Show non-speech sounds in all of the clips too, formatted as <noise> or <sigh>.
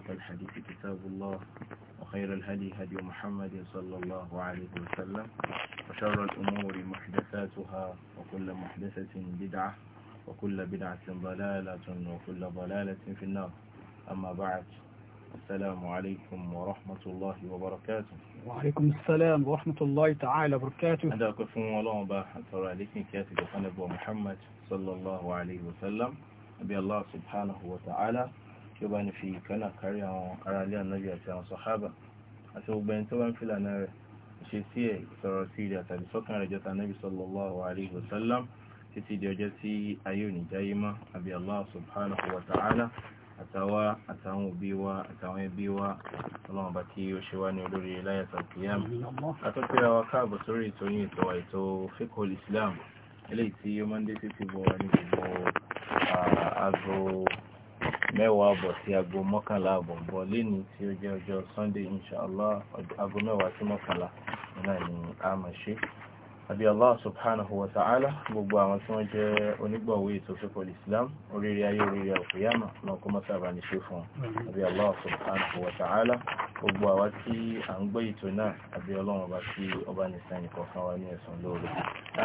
أصدق الحديث كتاب الله وخير الهدي هدي محمد صلى الله عليه وسلم وشر الأمور محدثاتها وكل محدثة بدعة وكل بدعة ضلالة وكل ضلالة في النار أما بعد السلام عليكم ورحمة الله وبركاته وعليكم السلام ورحمة الله تعالى وبركاته هذا كفون والله با ترى لكن كاتب محمد صلى الله عليه وسلم أبي الله سبحانه وتعالى kí ó bá ní fi ìkànnà kárí àwọn ará ilé ànábì àti àwọn sọ̀hábà àti gbogbo ẹni tó bá ń fi lànà rẹ̀ ṣe sí ẹ̀ sọ̀rọ̀ sí ilẹ̀ àtàbí sọ́kàn rẹ̀ jọta ànábì sallallahu alaihi wasallam títí di ọjọ́ tí ayé òní jáyé mọ́ àbí Allah subhanahu wa ta'ala àtàwà àtàwọn òbí wa àtàwọn ẹbí wa ọlọ́run bá kí ó ṣe wá ní olórí láyàtà kìíyàm àtọ́pẹ́ra wa káàbọ̀ sórí ètò wa ètò fíkọl Islam eléyìí tí ó máa ń dé títí bọ̀ ní gbogbo aago mẹ́wàá àbọ̀ sí aago mọ́kànlá àbọ̀ ń bọ̀ lẹ́ni tí ó jẹ́ ọjọ́ sunday inshallah aago mẹ́wàá sí mọ́kànlá náà ni a máa ṣe àbí allah subhanahu wa ta'ala gbogbo àwọn tí wọ́n jẹ́ onígbọ̀wé ètò fífọ́ islam oríire ayé oríire àkúyàmà náà kó mọ́sá bá ní ṣe fún àbí allah subhanahu wa ta'ala gbogbo àwa tí a ń gbé ètò náà àbí ọlọ́run ọba tí ọba nìsan nìkan wa ní ẹ̀sán lóore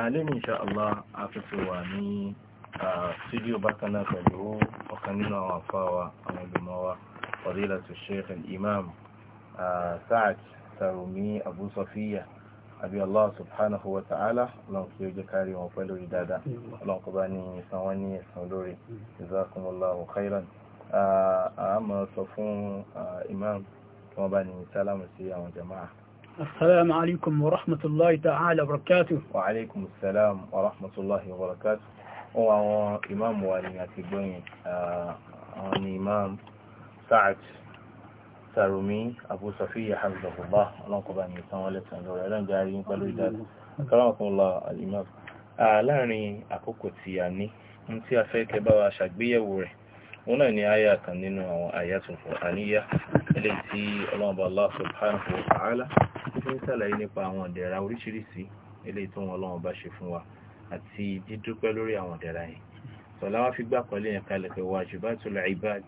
àlẹ́ mi inshallah a fi wà ní fídíò bákan náà pẹ̀lú ọ̀kan nínú àwọn afáwa àwọn olùmọ̀wa fadilatu sheikh imam Sa'ad Sarumi Abu Safiya àbí Allah subhanahu wa ta'ala lọ́n kí ó jẹ́ kárí wọn pẹ́ lórí dáadáa lọ́n kó bá ní ìsan wọn ní ẹ̀san lórí jazakumullahu khairan a máa sọ fún imam kí wọ́n bá ní sálámù sí àwọn jama'a السلام عليكم ورحمة الله تعالى وبركاته وعليكم السلام ورحمة الله وبركاته wọn àwọn ìmáàmù wa ni àti gbọ́yìn ah, àwọn ni ìmáàmù Sa'ad Sarumi Abu Safiya Hamdulillah ọlọ́nkọba ni ìtàn wọn lẹ́tàn lọ́rọ̀ ẹlẹ́njẹ́ àrí ń pẹ̀lú ìdájú akọ́lọ́kùnlá al-imam ah, láàrin àkókò tí a ní ní tí a fẹ́ kẹ́ bá wa ṣàgbéyẹ̀wò rẹ̀ wọn náà ni àyà kan nínú àwọn àyàtul Qur'aniyya eléyìí tí ọlọ́ọ̀bà Allah subhanahu wa ta'ala tó fi ń sàlàyé nípa àwọn ìdẹ̀ra oríṣiríṣi eléyìí tó wọn ọlọ́wọ́n ṣe fún wa àti dídúpẹ́ lórí àwọn ìdẹ̀ra yìí sọ̀lá láwá fi gbà kọlé yẹn kalẹ̀ pé wajibatul ibad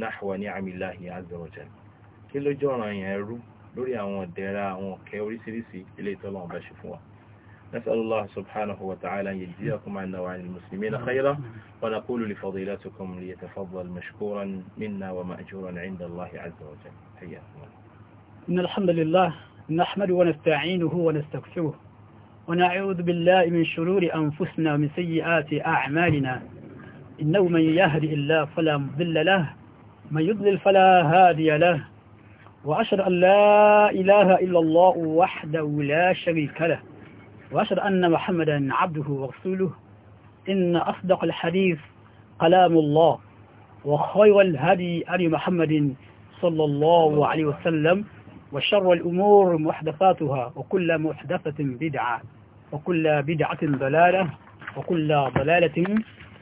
nahwa ni'amillahi azza wa jalla kí ló jọ̀ràn yẹn rú lórí àwọn ìdẹ̀ra àwọn ọ̀kẹ́ oríṣiríṣi ilé ìtọ́lọ̀ ọ̀bẹ ṣe fún wa نسأل الله سبحانه وتعالى أن يجزيكم عنا وعن المسلمين خيرا ونقول لفضيلتكم ليتفضل مشكورا منا ومأجورا عند الله عز وجل حياكم إن الحمد لله نحمد ونستعينه ونستغفره ونعوذ بالله من شرور أنفسنا ومن سيئات أعمالنا إنه من يهدي الله فلا مضل له من يضلل فلا هادي له وأشهد أن لا إله إلا الله وحده لا شريك له وأشهد أن محمدا عبده ورسوله إن أصدق الحديث كلام الله وخير الهدي أن محمد صلى الله عليه وسلم وشر الأمور محدثاتها وكل محدثة بدعة وكل بدعة ضلالة وكل ضلالة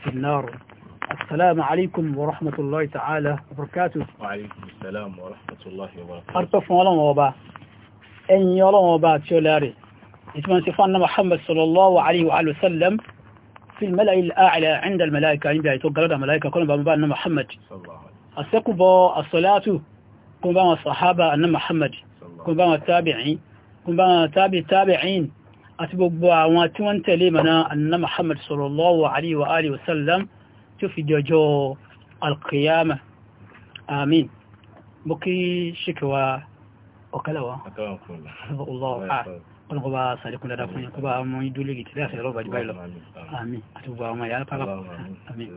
في النار السلام عليكم ورحمة الله تعالى وبركاته وعليكم السلام ورحمة الله وبركاته أرطف ولم وبا أن يلم وبا تشولاري إتمنى سفان محمد صلى الله عليه وآله وسلم في الملأ الأعلى عند الملائكة عند لدى الملائكة كلهم بمبان محمد أسكب الصلاة كن بما الصحابة أن محمد كن بما التابعين كن بما تابع التابعين àti gbogbo àwọn tí wọ́n tẹ̀lé mọ̀nà anna muhammad sallallahu alaihi wa alihi wasallam tí ó fi di ọjọ́ alkiyama amin bó kí ṣíkẹwà ọkalawa ọlọ́gbà sàríkún dada fún yẹn bá mọ́ ìdúlé gìtì láti ọlọ́gbà jù báyìí lọ amin àti gbogbo àwọn ìyá pápá amin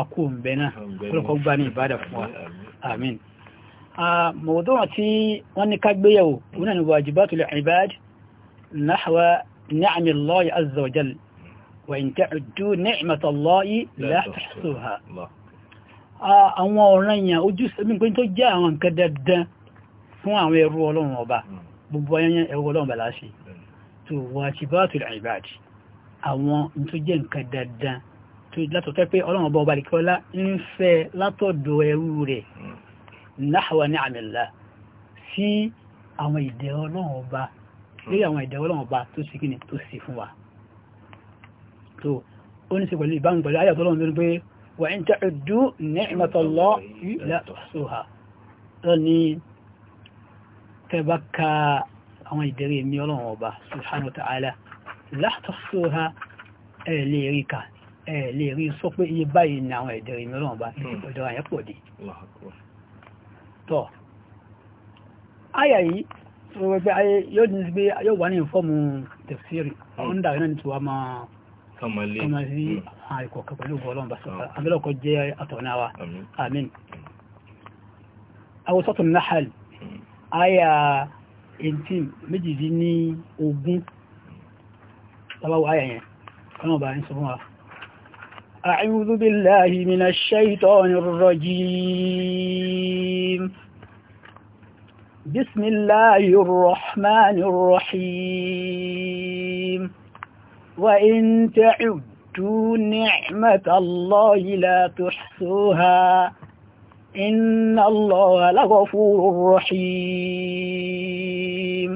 akú mbẹ náà kọ́lọ́kọ́ gbá ní ìbádà fún wa amin mọ̀wọ́dọ́wọ́ tí wọ́n ní ká gbéyàwó wọn ni نحو نعم الله عز وجل وإن تعدوا نعمة الله لا تحصوها àwọn ọ̀ràn èèyàn ojú sẹ́mìnkún tó jẹ́ àwọn nǹkan dandan fún àwọn ẹrú ọlọ́run ọba hmm. gbogbo ayẹyẹn ẹrú ọlọ́run bàlá ṣe tó wajibatul ibadi àwọn tó jẹ́ nǹkan dandan tó látọ̀tẹ́ pé ọlọ́run ọba ọba ìkọlá ń fẹ́ látọ̀dọ̀ ẹrú rẹ̀ hmm. nahwa ni'amillah sí àwọn ìdẹ̀ ọlọ́run ọba lórí àwọn ìdẹ̀wọ́ lọ́wọ́ bá tó sì kíni tó sì fún wa tó ó ní sí pẹ̀lú ìbámu pẹ̀lú ayàtọ̀ lọ́wọ́ lórí pé wà ń ta'uddu ni'matallahi la tuhsuha lọ ní tẹ́bàkà àwọn ìdẹ̀rẹ̀ mi ọlọ́wọ́ ọba subhanahu wa ta'ala la tuhsuha ẹ̀ lè rí ka wípé ayé yóò ní pé yóò wà ní ìfọ́ọ̀mù tẹ̀síìrì àwọn hmm. dàgbé náà nítorí wà máa kama sí àìkọ̀ọ̀kẹ́ pẹ̀lú ọlọ́run أعوذ بالله من الشيطان الرجيم بسم الله الرحمن الرحيم وإن تعدوا نعمة الله لا تحسوها، إن الله لغفور رحيم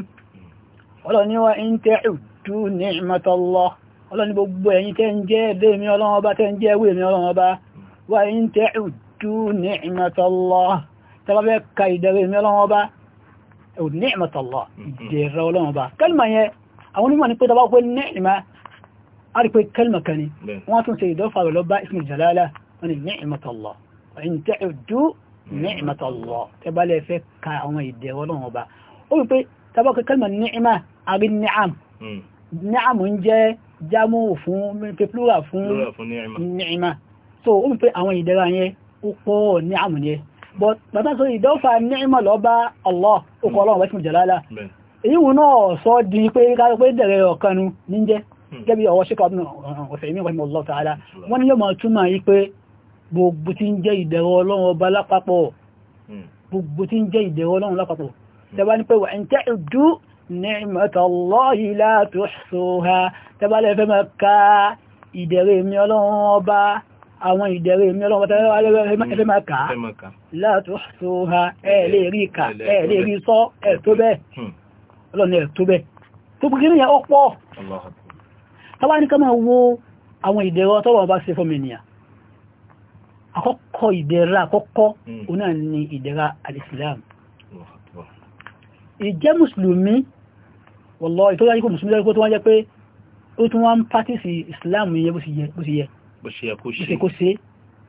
ولن وإن تعدوا نعمة الله ولن gbogbo ẹ̀yin tẹ́ ń jẹ́ ẹ̀bẹ́ mi ọlọ́run ọba tẹ́ وإن تعدوا نعمة الله tẹ́bàbẹ́ ka ìdẹ̀rẹ̀ mi ni'mat Allah mm-hmm. ìdẹ̀rẹ̀ ọlọ́run bá kálmà yẹn àwọn onímọ̀ ní pé tọba pé ni'ma a rí pé kálmà kan ni wọ́n tún ṣe ìdọ́fà rẹ̀ lọ bá ismul jalala wọ́n ni ni'mat Allah in ta'uddu mm-hmm. ni'mat Allah tẹ́bálẹ̀ fẹ́ ka àwọn ìdẹ̀rẹ̀ ọlọ́run ọba ó wípé tọba pé kálmà ni'ma a rí ni'am mm. ni'am ń but bàbá sọ ìdọ́fà ni'ma lọ bá Allah okọ̀ ọlọ́run wẹ́sùn jẹ̀lálà èyí wọn náà sọ di pé káàkiri pé dẹ̀rẹ̀ ọ̀kanu níjẹ́ gẹ́bí ọwọ́ ṣíkọ̀ ọ̀sẹ̀ ìmí wọ́n lọ tààlà wọ́n ní yóò máa túmọ̀ yí pé gbogbo tí ń jẹ́ ìdẹ̀rọ ọlọ́run àwọn ìdẹ̀rẹ̀ mi ọlọ́wọ́ tẹ́lẹ̀ ẹfẹ́ máa kà á látò tó ha ẹ̀ lè rí kà ẹ̀ lè rí sọ ẹ̀ tó bẹ́ẹ̀ hmm. ọlọ́ni ẹ̀ tó bẹ́ẹ̀ tó kí ní ó pọ̀ tọ́wá ní ká wo àwọn ìdẹ̀rẹ̀ ọtọ́wọ́ bá ṣe fọ́mìnìyà àkọ́kọ́ àkọ́kọ́ ìdẹ̀rẹ̀ hmm bó ṣe yẹ kó ṣe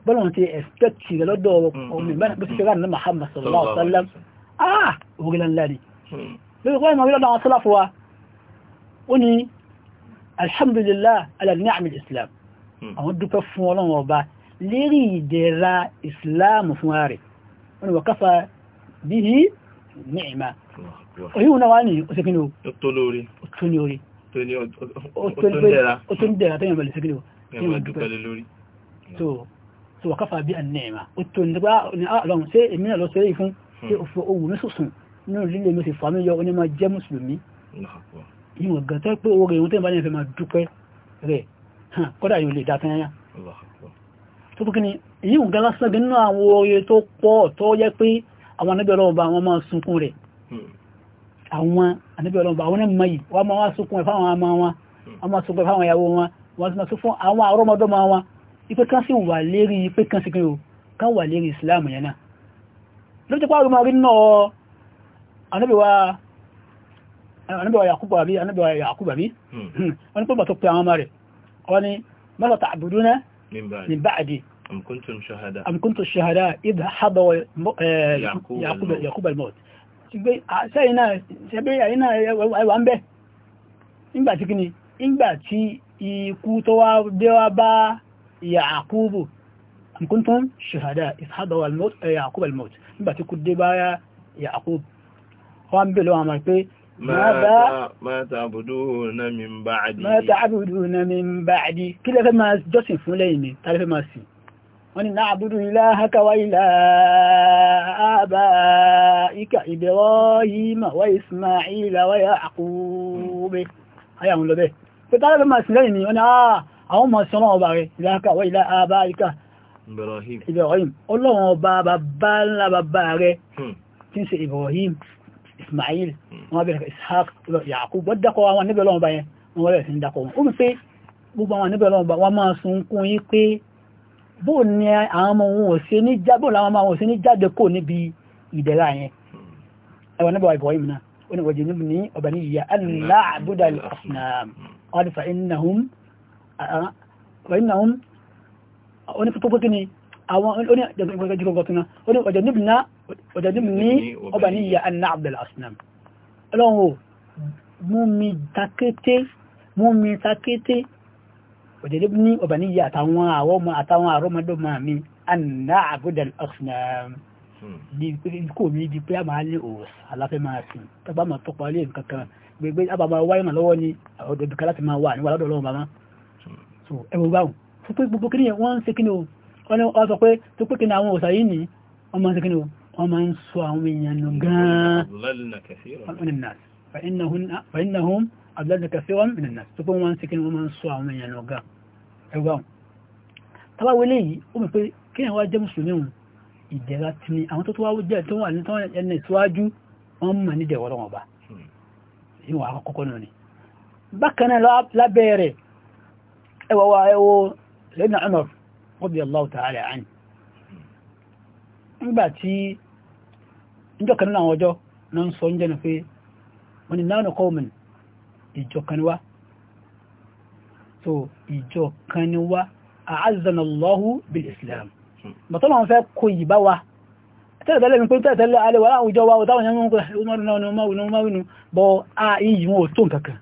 bọ́lá ti ẹ̀spẹ́kì rẹ̀ lọ́dọ̀ mm. ọmọ ìbára bó ṣe rà ní Muhammad sallallahu alaihi wasallam ah ògìlẹ̀ ńlá ni lórí kọ́ ìmọ̀ lọ́dọ̀ àwọn sálàfọ́ wa ó ní alhamdulillah ala ni'amil islam mm. àwọn dúpẹ́ fún ọlọ́run ọba lérí ìdẹ̀ra islam fún ààrẹ wọn ní òṣèkínú ó tó ní orí ó tó ní dẹ̀ra tẹ́yìn bẹ̀rẹ̀ kí wọ́n dúpẹ́ lórí tó wàkáfà bí ànẹ́ẹ̀mà ó tó nígbà ní àlọ́run ah, ṣé èmi náà lọ sí ẹ̀yìn fún hmm. ṣé òfò owó ní sùsùn nínú mi sì fà mí yọ onímọ̀ jẹ́ mùsùlùmí ìwọ̀n gan tẹ́ pé oore ìwọ̀n tẹ́ bá ní ẹ̀fẹ́ máa dúpẹ́ rẹ̀ kọ́dà yóò lè dáfẹ́ yá tó kí ni èyí ń gara sọ́gẹ́ nínú àwọn oore tó pọ̀ tó yẹ pé àwọn anábẹ́ wọ́n ti máa sọ fún àwọn àrọ́mọdọ́mọ wọn ipé kan sí wà lérí ipé kan sí pé o kan wà lérí islam yẹn náà ló ti pàrọ̀ máa rí náà anábíwa yakubu àbí anábíwa yakubu idha hadara yakubu al-maut ṣe gbé àṣẹ́ yìí náà ṣe gbé àyíná ẹwà ń bẹ́ nígbàtí kí ìgbàtí ikú tó wá déwá bá Yaqubu am kuntum ṣùhádà ìsáàdọ̀wà eh, Yaqub al-maut nígbàtí kú dé bá Yaqub wọ́n bèèrè wọn mọ̀ pé ma ta'buduna min ni tàbí máa sìn wọ́n ni na'budu ilahaka wa ilaha abaika Ibrahima wa Isma'ila wa Yaqub ayàwọn lọ bẹ́ẹ̀ pé tààrà bẹ́ máa sílẹ̀ ìní ọ̀nà àwọn ọmọ sọ́nà ọba rẹ̀ ìlàkà wọ́n ilá àbáríkà Ibrahim ọlọ́run ọba bàbá ńlá bàbá rẹ̀ hmm. tí ń ṣe Ibrahim Ismail hmm. wọn bẹ̀rẹ̀ Ishaq Yakub wọ́n dákọ̀ àwọn bẹ̀rẹ̀ sí ń ni ọba ní ìyá aláàbúdà al قال فإنهم فإنهم أنا فتوبة كني àwọn onígbàgbàtúná ọjọ́dúnmí ọba ní ìyà anna abdul-asnam ọlọ́run mú mi takété mú mi takété ọjọ́dúnmí ọba ní ìyà àtàwọn àwọn ọmọ àtàwọn àrọmọdọ́mọ mi anna abdul-asnam di kò ní di pé a máa lè òòsà aláfẹ́ máa sìn tàbá máa tọpa lè nǹkan kan gbẹgbẹ àbàbà wáyé mà lọ́wọ́ ni ọ̀dọ̀ ìbìkà láti máa wà níwà lọ́dọ̀ ọlọ́run bàbá so ẹwọ báwọn fún pé gbogbo kíni wọ́n ń ṣe kíni o wọ́n sọ pé tó pé kíni àwọn òsà yìí ni wọ́n máa ń ṣe kíni o wọ́n máa ń sọ àwọn èèyàn nù gan-an فإنهم أبلغنا كثيرا من الناس تكون وان سكن ومن سوى ومن ينوغا ẹgbàun tàbá wọlé yìí ó mẹ́ pé kí ẹ̀wà jẹ́ mùsùlùmí ìdẹ̀ra tí ni àwọn tó tó wá jẹ́ tó wà ní tọ́wọ́ ẹni síwájú wọ́n mọ̀ ní dẹ̀wọ́ lọ́wọ́ bá ìwà àkọ́kọ́ náà ni bákanáà lábẹ́ rẹ̀ ẹwà wa ẹwọ lẹ́nà Umar radiyallahu ta'ala anhu nígbà tí ìjọ kan náà ọjọ́ náà ń sọ ń jẹ́nu pé wọ́n ni náà qawmin ìjọ kan wá so ìjọ kan wá Islam bàtọ́nà fẹ́ kó yìí bá wa tẹ́lẹ̀tẹ́lẹ̀ mi pé tẹ́lẹ̀tẹ́lẹ̀ alẹ́wà láwọn ìjọ wa òtáwọn yẹn mọ́ ọmọdún náà ni ọmọ ìwọ̀n ọmọ ìwọ̀n bọ́ a ìyí wọn ò tó nǹkankan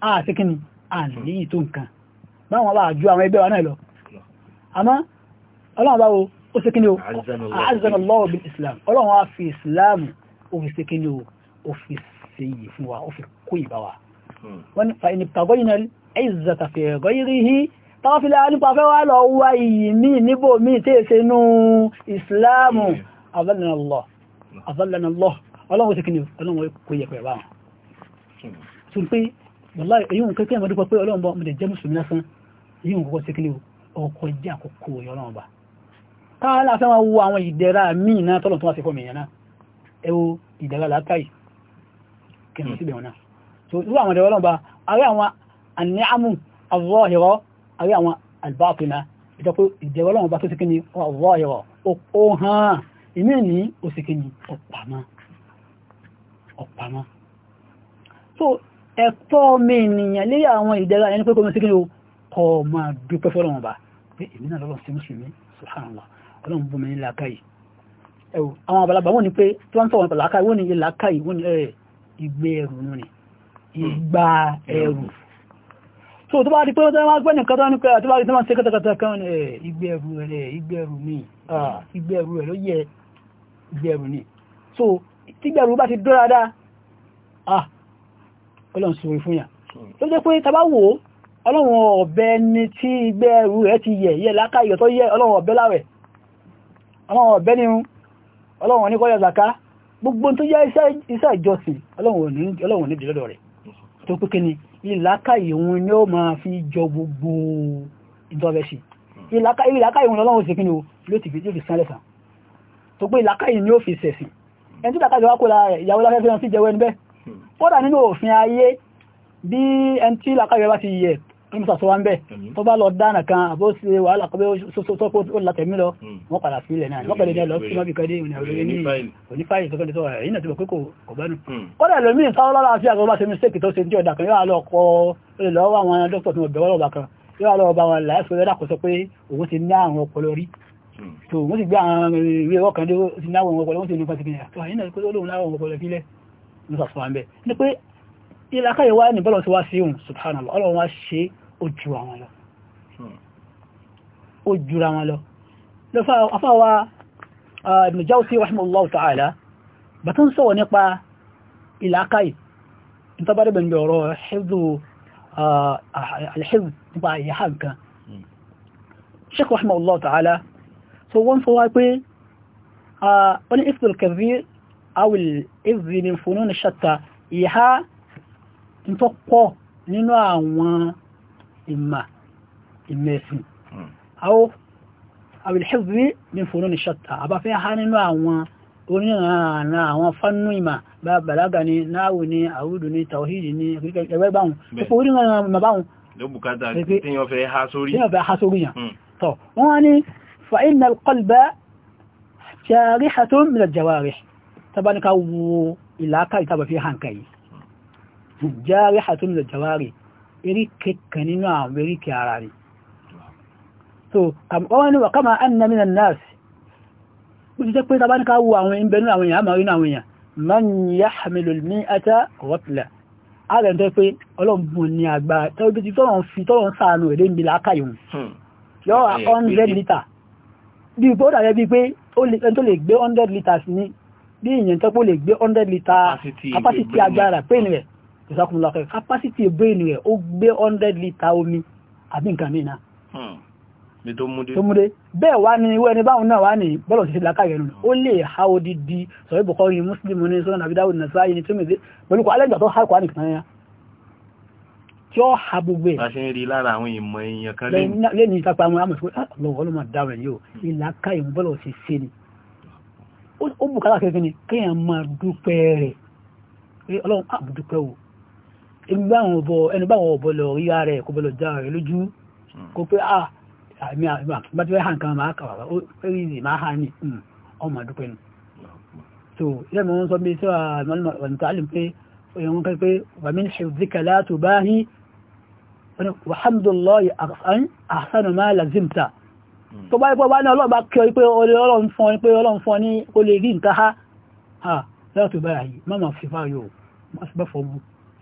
a ti kí ni a lè tó nǹkan báwọn bá ju àwọn ẹgbẹ́ wa lọ àmọ́ ọlọ́run báwo ó sì kí ni tán fi lára nípa fẹ́ wá lọ wá iyì mí níbò mí tí èsè nú ìsìláàmù azallanallah azallanallah ọlọ́run sí kí ni ọlọ́run kò yẹ pẹ̀lú àwọn tún pé wàláhì èyí òun kékeré mọ́dúpọ̀ pé ọlọ́run bá mọ̀dẹ̀ jẹ́ mùsùlùmí lásán èyí òun kọ́kọ́ sí kí ni ọkọ̀ jẹ́ àkókò ọlọ́run bá káàlá fẹ́ wọ́n wo àwọn ìdẹ̀ra míì náà tọ́lọ̀ tó ẹwọ ìdẹ̀ra látàí kẹrìnà síbẹ̀ wọn náà so irú àwọn ìdẹ̀ra ọlọ́run bá arẹ́ àwọn àníàmù àwọ̀ ìrọ́ àrí àwọn albáàpìnà ìjọpọ̀ ìjẹ̀wọ́ ọlọ́run bá tó sí kíni ọ̀rọ̀ ẹ̀rọ ó hàn ìmí ní òsì kíni ọ̀pàmọ́ ọ̀pàmọ́ so ẹ̀tọ́ mi ènìyàn lé àwọn ìdẹ̀ra ẹni pé kó mọ́ sí kíni kọ́ máa dúpẹ́ fọ́lọ́run bá pé èmi náà lọ́lọ́ sí mùsùlùmí subhanallah ọlọ́run bú mi ní làákàyè ẹ̀wù àwọn àbàlagbà wọ́n ní pé tí ìgbà ẹrù so tó bá rí pé wọ́n máa gbẹ́nì kan tó ní pẹ́ra tó bá rí tó máa ṣe kẹtàkẹtà kan ní ìgbẹ̀rù rẹ̀ ìgbẹ̀rù ní ìgbẹ̀rù rẹ̀ ló yẹ ìgbẹ̀rù ní so tígbẹ̀rù bá ti dọ́ra ah ọlọ́run sọ fún yà tó jẹ́ pé tàbá wò ọlọ́run ọ̀bẹ ni tí ìgbẹ̀rù rẹ̀ ti yẹ yẹ láká ìyọ̀ tó yẹ ọlọ́run ọ̀bẹ láwẹ̀ ọlọ́run ọ̀bẹ ni ọlọ́run ní kọ́yọ̀ zaka gbogbo tó jẹ́ ni ìlàkàyè òun ni ó máa fi jọ gbogbo ìdọ́bẹ̀ṣì ìlàkàyè òun lọ́wọ́ sí kí ni ó ló ti fi sánlẹ̀sàn tó pé ìlàkàyè ni ó fi sẹ̀sìn ẹni tí làkàyè wá kó lára rẹ̀ ìyàwó láfẹ́fẹ́ sí jẹ́wọ́ ẹni bẹ́ẹ̀ ọmọ sọ wá ń bẹ́ tó bá lọ dáànà kan àbó sí wàhálà kọ́ bẹ́ sọ́kọ́ ó látẹ̀mí lọ hmm. wọ́n padà sílẹ̀ náà wọ́n pẹ̀lẹ̀ lọ sí mọ́bí kọ́dé ìrìn àwòrán ní onífàyè tó kọ́dé tó wà yìí náà ti bọ̀ pé kò bá nù. kọ́dà lómi sáwọ́ lára àti àgbà bá ṣe mistake tó ṣe ní ọ̀dà kan yóò lọ kọ lọ́wọ́ àwọn dókítà tó ń bẹ̀wọ́ lọ́ba kan yóò lọ bá wọn láìsọ lọ́dà kó sọ pé òun ti hmm. ní bọ́lọ̀ tí wá sí òun subhanallah ọlọ́run wá ṣe ó jura hmm. wọn lọ ó jura wọn lọ afáwa Ibn Jawzi rahimahullahu ta'ala bàtún sọ̀wọ̀ nípa ìlàkàì ìtàbárẹ̀bẹ̀ ní ọ̀rọ̀ ṣẹ́zù alhẹ́zù nípa ìyàhà nǹkan hmm. Shaykh rahimahullahu ta'ala so wọ́n sọ wá pé wọ́n ní ifdul kabir awil izzi min funun shatta ìyàhà tó pọ̀ nínú àwọn ìmà ìmẹ̀sìn àwọ àwìlẹ́bí ní fòrò ní ṣọ́ta àbáfẹ́ ha nínú àwọn oníranà àwọn fánú ìmà bá bàlágà ní náàwò ní àwúdù ní tàwíìdì ní ẹgbẹ́ báhùn pípò oníranà mọ̀ báhùn lóbùkátà tí yọ fẹ́ ha sórí yàn tọ́ wọ́n ní fa'ina alqalba sharihatun min aljawarih tabanika wo ilaka itaba fi hankali jarihatun min aljawarih eríkè kan nínú àwọn eríkè ara rẹ̀ so wọ́n ni wàkàmà anna minan nas ó ti jẹ́ pé tàbá ní ká wo àwọn ìbẹ̀nú àwọn èèyàn àmàrí àwọn èèyàn man yahmilu al-mi'ata rọ́pìlà ààrẹ̀ tó pé ọlọ́mùn hmm. ni àgbà tọ́jú tọ́rọ̀ fi tọ́rọ̀ sáànù èdè ń bi lákàyùn yọ́ 100 litre bí i bóòdà rẹ̀ bí pé ẹni tó lè gbé 100 litres ní bí ìyẹn tó lè gbé 100 litre capacity agbára pé ní ìsákùnlá ọkọ̀ capacity brain rẹ̀ ó gbé 100 litre omi àbí nǹkan mìíràn tó múdé bẹ́ẹ̀ wá ní iwẹ́ ní báhùn náà wá ní bọ́lọ̀ sí lákà yẹnu ó lè ha odidi sọ̀rọ̀ ìbùkọ́ ní mùsùlùmí ní sọ́nà àbídáwò nà sáyé ní túnmì pẹ̀lú alẹ́gbà tó hàkọ́ ní kìtàn yẹn tí ó ha gbogbo ẹ̀ láṣẹ́ ń rí lára àwọn ìmọ̀ èèyàn kan lẹ́yìn ìtàpá àwọn ẹni báwọn ọ̀bọ lọ rí ara ẹ̀ kó bọ́ lọ já rẹ̀ lójú kó pé ah àmì àbá tí wọ́n hàn kan máa kàwà ó rí ìrì máa hàn ní ọmọ àdúpẹ́ nù so ilẹ̀ mọ́ sọ bí sọ́wọ́ àmàlùmọ́ pé wọ́n kẹ́ pé wà mí ṣe zika látò bá hí wàhàmdùlọ́yì àṣánù máa lazimta tó bá ipò bá ní ọlọ́ọ̀bá kí ọ pé ọlọ́run fún ọ pé ọlọ́run fún ọ ní ó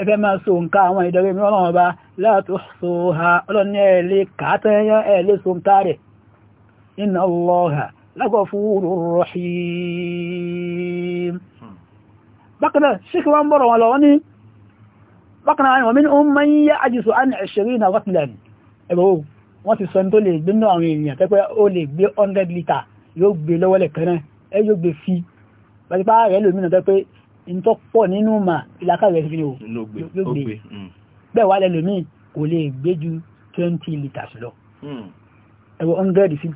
ẹfẹ́ máa so nǹka àwọn ìdọ̀rẹ́ mi ọlọ́run ọba láàtò so ha ọlọ́ni ẹ̀lẹ́ kàátẹ́yẹ ẹ̀lẹ́ so nǹka rẹ̀ inna Allaha lagafurur rahim bákan náà ṣíkí wọ́n bọ̀rọ̀ wọn lọ wọ́n ní bákan náà um wọ́n ìntọ́ pọ̀ nínú mà ìlàkàwé ẹ̀sìn ni ò gbé mm. bẹ́ẹ̀ wà lẹ́lòmí kò lè gbé ju 20 litres lọ mm. ẹwọ 100 sí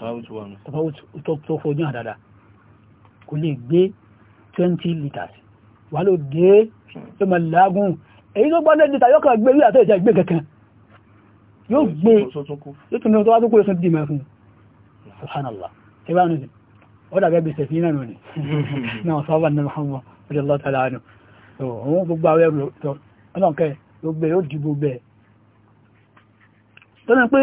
20 tó fojú hàn dáadáa kò lè gbé 20 litres wà ló dé tó mm. mọ̀ lágún èyí tó gbọ́dọ̀ dìtà yóò kàn gbé rí àtọ́ ìjà gbé kankan yóò gbé yóò tún lọ́wọ́ tó kó yóò tún dì mẹ́fún subhanallah ẹgbẹ́ àwọn ọ̀dà bẹ́ẹ̀ bí sẹ̀fínà náà ni <laughs> náà sábà náà radiyallahu ta'ala anhu òun gbogbo àwọn ẹrù ọlọ́nkẹ́ gbogbo ó di gbogbo ẹ̀ tó náà pé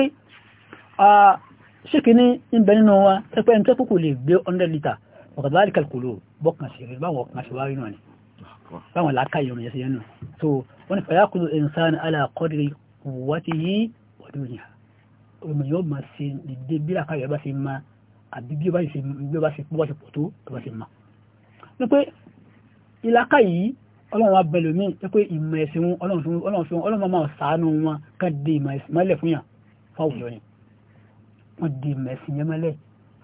ṣíkì ní ìbẹ̀ nínú wa ẹgbẹ́ ẹni tẹ́kù kò lè gbé 100 litre ọ̀kàdálì kàlùkùlù bọ́kàn sí rí báwọn ọkàn sí wárí náà ni báwọn ìlàkà yìí ọlọ́run wa bẹ̀lẹ̀ mí pé ìmọ̀ ẹ̀sìn wọn ọlọ́run fún ọlọ́run máa sàánú wọn ká di ìmọ̀ ẹ̀sìn mọ́lẹ̀ fún yàn fún àwùjọ ni wọ́n di ìmọ̀ ẹ̀sìn yẹn mọ́lẹ̀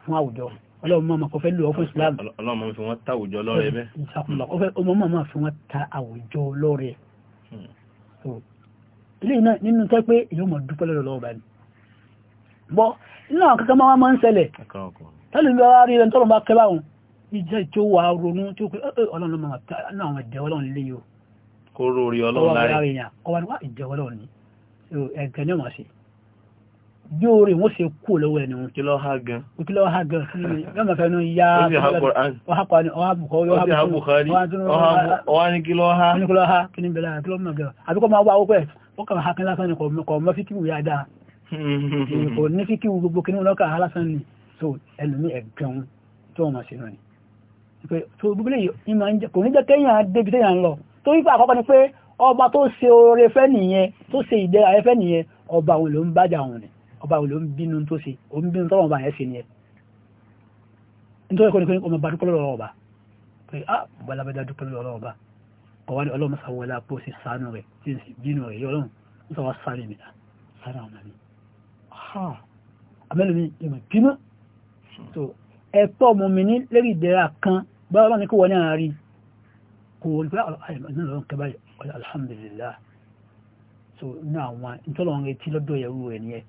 fún àwùjọ ọlọ́run máa kọ́ fẹ́ lù ọ́ fún Islam. ọlọ́run máa fi wọ́n ta àwùjọ lọ́rẹ bẹ́ẹ̀. ìṣàkùnlọ ọmọ máa fi wọ́n ta àwùjọ lọ́rẹ. Hmm. eléyìí náà nínú tẹ́ pé èèyàn mọ̀ dúpẹ́ lọ́dọ̀ lọ́wọ́ báyìí. bọ́ nínú àwọn kankan máa ń ṣẹlẹ̀ tẹ́lẹ̀ bí wọ́n rí ẹni tọ́lọ́ bá kẹ́ báwọn ìjẹ́ tí ó wà ronú tí ó pé eh, eh, ọlọ́run máa ní àwọn ìjẹ́ ọlọ́run lé yóò kó rórí ọlọ́run láàrin èèyàn ọwọ́ nípa ìjẹ́ ọlọ́run ni ẹ̀gẹ́ ní ọmọ sí bí orí wọ́n ṣe kú lọ́wọ́ ẹni wọn. kílọ̀ ha gan. kílọ̀ ha gan yọmọ fẹ́ nu ya ọ̀hápa ni ọ̀hábùkọ́ ọ̀há ní kílọ̀ ha. ní kílọ̀ ha kí ni bẹ̀rẹ̀ kílọ̀ mọ̀ gan àbí kọ́ máa wá owó pẹ̀ ó kàn ha kí lásán ni kọ̀ mọ́ fíkìwù yá dáa <laughs> kò ní fíkìwù gbogbo kí ni wọn lọ́kà ha lásán ni so ẹlòmí ẹ̀gẹ́ wọn tí wọ́n máa ṣe náà ni tó gbígbélé yìí kò ní jẹ́ kéèyàn débi téèyàn ń lọ torí pé àkọ́kọ́ ni pé ọba tó ṣe oore fẹ́ nìyẹn tó ṣe ìdẹ ayé fẹ́ nìyẹn ọba òun ló ń bájà òun ni ọba òun ló ń bínú tó ṣe òun bínú tọ́wọ́n ọba yẹn ṣe nìyẹn nítorí kò ní kò ọmọ badúpẹ́ lọ́rọ̀ ọba pé ah bọ́lábẹ́dá dúpẹ́ lọ́rọ̀ ọba kọ̀ wá ní ọlọ́run sáwọlá pé ó ṣe sánú rẹ̀ tí ń bínú rẹ̀ yọ ọlọ́run ń sọ wá sáré mi dá sáré àwọn ọmọ ẹ̀tọ́ mùmíní lérí ìdẹ̀ra kan bá ọlọ́ni kó wọ́n ní àárí kò ah, wọ́n pẹ́ ọlọ́run alhamdulillah so ní àwọn ìtọ́lọ̀run retí lọ́dọ̀ ẹrú rẹ̀ ni ẹ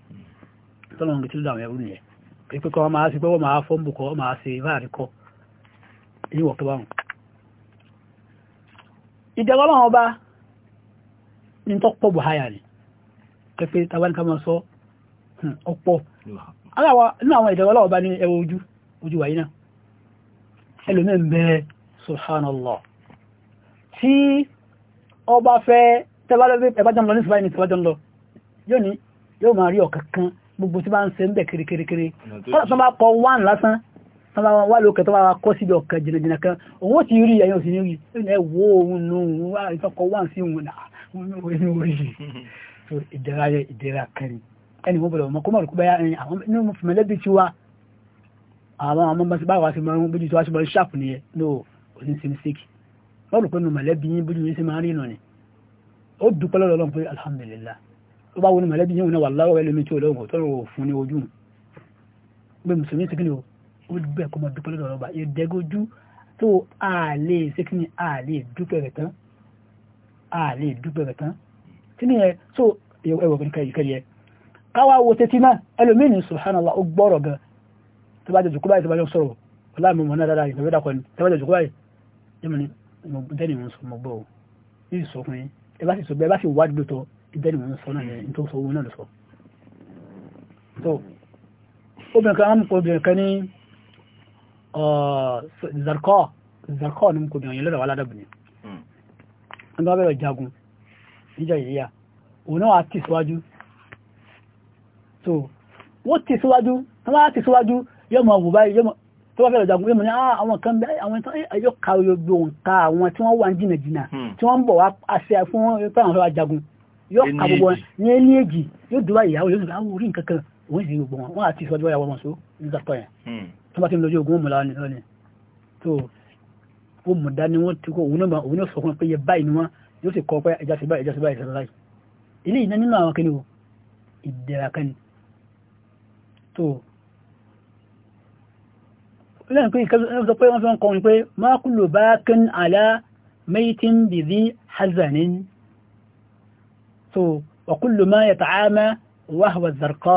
ìtọ́lọ̀run retí lọ́dọ̀ àwọn ẹrú ni ẹ pé kọ́ máa sí pé wọ́n máa fọ́n bùkọ́ máa ṣe báàrí kọ́ ní wọ̀ kẹba hùn ìdẹ̀rọ ọlọ́run ọba ní tó pọ̀ buhaya ni pẹ́pẹ́ tabaníkà máa sọ ọ̀pọ̀ nínú àwọn ìdẹ̀rọ ọlọ́run ní ẹwọ ojú ojú wáyé náà ẹlòmí ń bẹ subhanallah tí ọba fẹ́ tẹ́bájọ́n lọ ní ṣùgbọ́n ní tẹ́bájọ́n lọ yóò ní yóò máa rí ọ̀kankan gbogbo tí bá ń ṣe ń bẹ̀ kéré-kéré ọ̀nà tó bá kọ wán lásán wà lókè tó bá kọ́ síbi ọ̀kan jìnàjìnà kan owó ti rí ẹ̀yàn òsì ní rí ẹ̀wọ́ òun nù wà ìfọ́kọ̀ wán sí òun náà <laughs> ẹni wọ́n bọ̀lọ̀ mọ́kọ́ mọ̀rùkú báyá ẹni àwọn mọ̀lẹ́bí ti wá àwọn ọmọ bá ti bá wa ti mọ bójú tí wá ti mọ ṣàpù nìyẹn no ò ní sinmi síkì wọ́n rò pé nu mọ̀lẹ́bí yín bójú yín sí máa ń rí nù ni ó dúpẹ́ lọ́dọ̀ Ọlọ́run pé alhamdulillah ó bá wo ni mọ̀lẹ́bí yín náà wà láwọ́ ẹlòmí tí olóhùn tó rò fún ní ojú pé mùsùlùmí ti kíni o ó bẹ̀ kọ́ mọ dúpẹ́ lọ́dọ̀ tó bá jòjò kó báyìí tó bá jọ sọ̀rọ̀ ọláàmì wọn náà dára ìgbàgbé dàkọ ni tó bá jòjò kó báyìí yẹ́mu ni ìtẹ́ni wọn sọ mọ̀ gbọ́ ọ yìí sọ fún yín ẹ bá sì sọ bẹ́ẹ̀ bá sì wá dúró tọ ìtẹ́ni wọn sọ náà yẹn tó sọ owó jagun níjà ìyá òun náà wà uh, hmm. tẹ̀síwájú tó wọ́n tẹ̀síwájú wọ́n bá tẹ̀síwájú yóò mọ̀ wù báyìí tó bá fẹ́ lọ́jà gbogbo ní ah, àwọn kan bẹ́ àwọn ẹjọ́ eh, ka gbogbo nǹka àwọn tí wọ́n wà jìnà jìnà hmm. tí wọ́n ń bọ̀ wá àṣẹ fún pàwọn ọ̀rọ̀ ajagun yóò ka gbogbo ní ẹni èjì yóò dúró ìyàwó yóò dúró ah, orí nǹkan kan òun sì gbogbo wọn àti ìsọjú ọyàwó wọn hmm. so nígbà tó ni wọ́n ti kó òun náà òun yóò báyìí ni báyìí ẹja báyìí ilé ìná tó lẹ́yìn pé ìkẹ́sọ pé wọ́n fi ń kọrin pé ma kullu bakin ala maitin bi dhi hazanin so wa kullu ma yata'ama wa huwa zarqa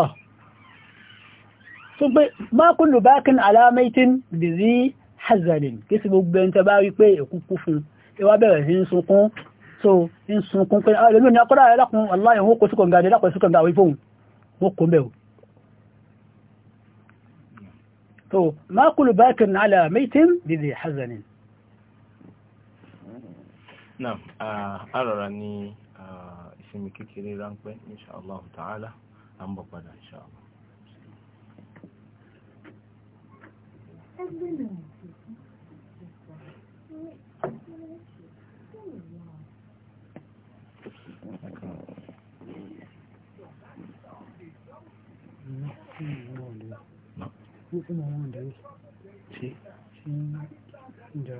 so pé ma kullu bakin ala maitin bi dhi hazanin kí sí gbogbo ẹni tẹ bá rí pé èkúkú fún ìwà bẹ̀rẹ̀ sí ń sunkún so ń sunkún pé ah, ẹlòmíràn akọ́dá ẹlọ́kùn aláyẹ̀ wọ́n kó síkọ̀ǹgà ẹlọ́kùn síkọ̀ǹgà àwọn wọ́n kó mẹ́wọ̀ تو طيب، ما كل باك على ميت بذي حزن نعم ا آه، اراني آه، اسمي كيري رانك ان شاء الله تعالى ام بقدر ان شاء الله ni kuma wanda ne shi da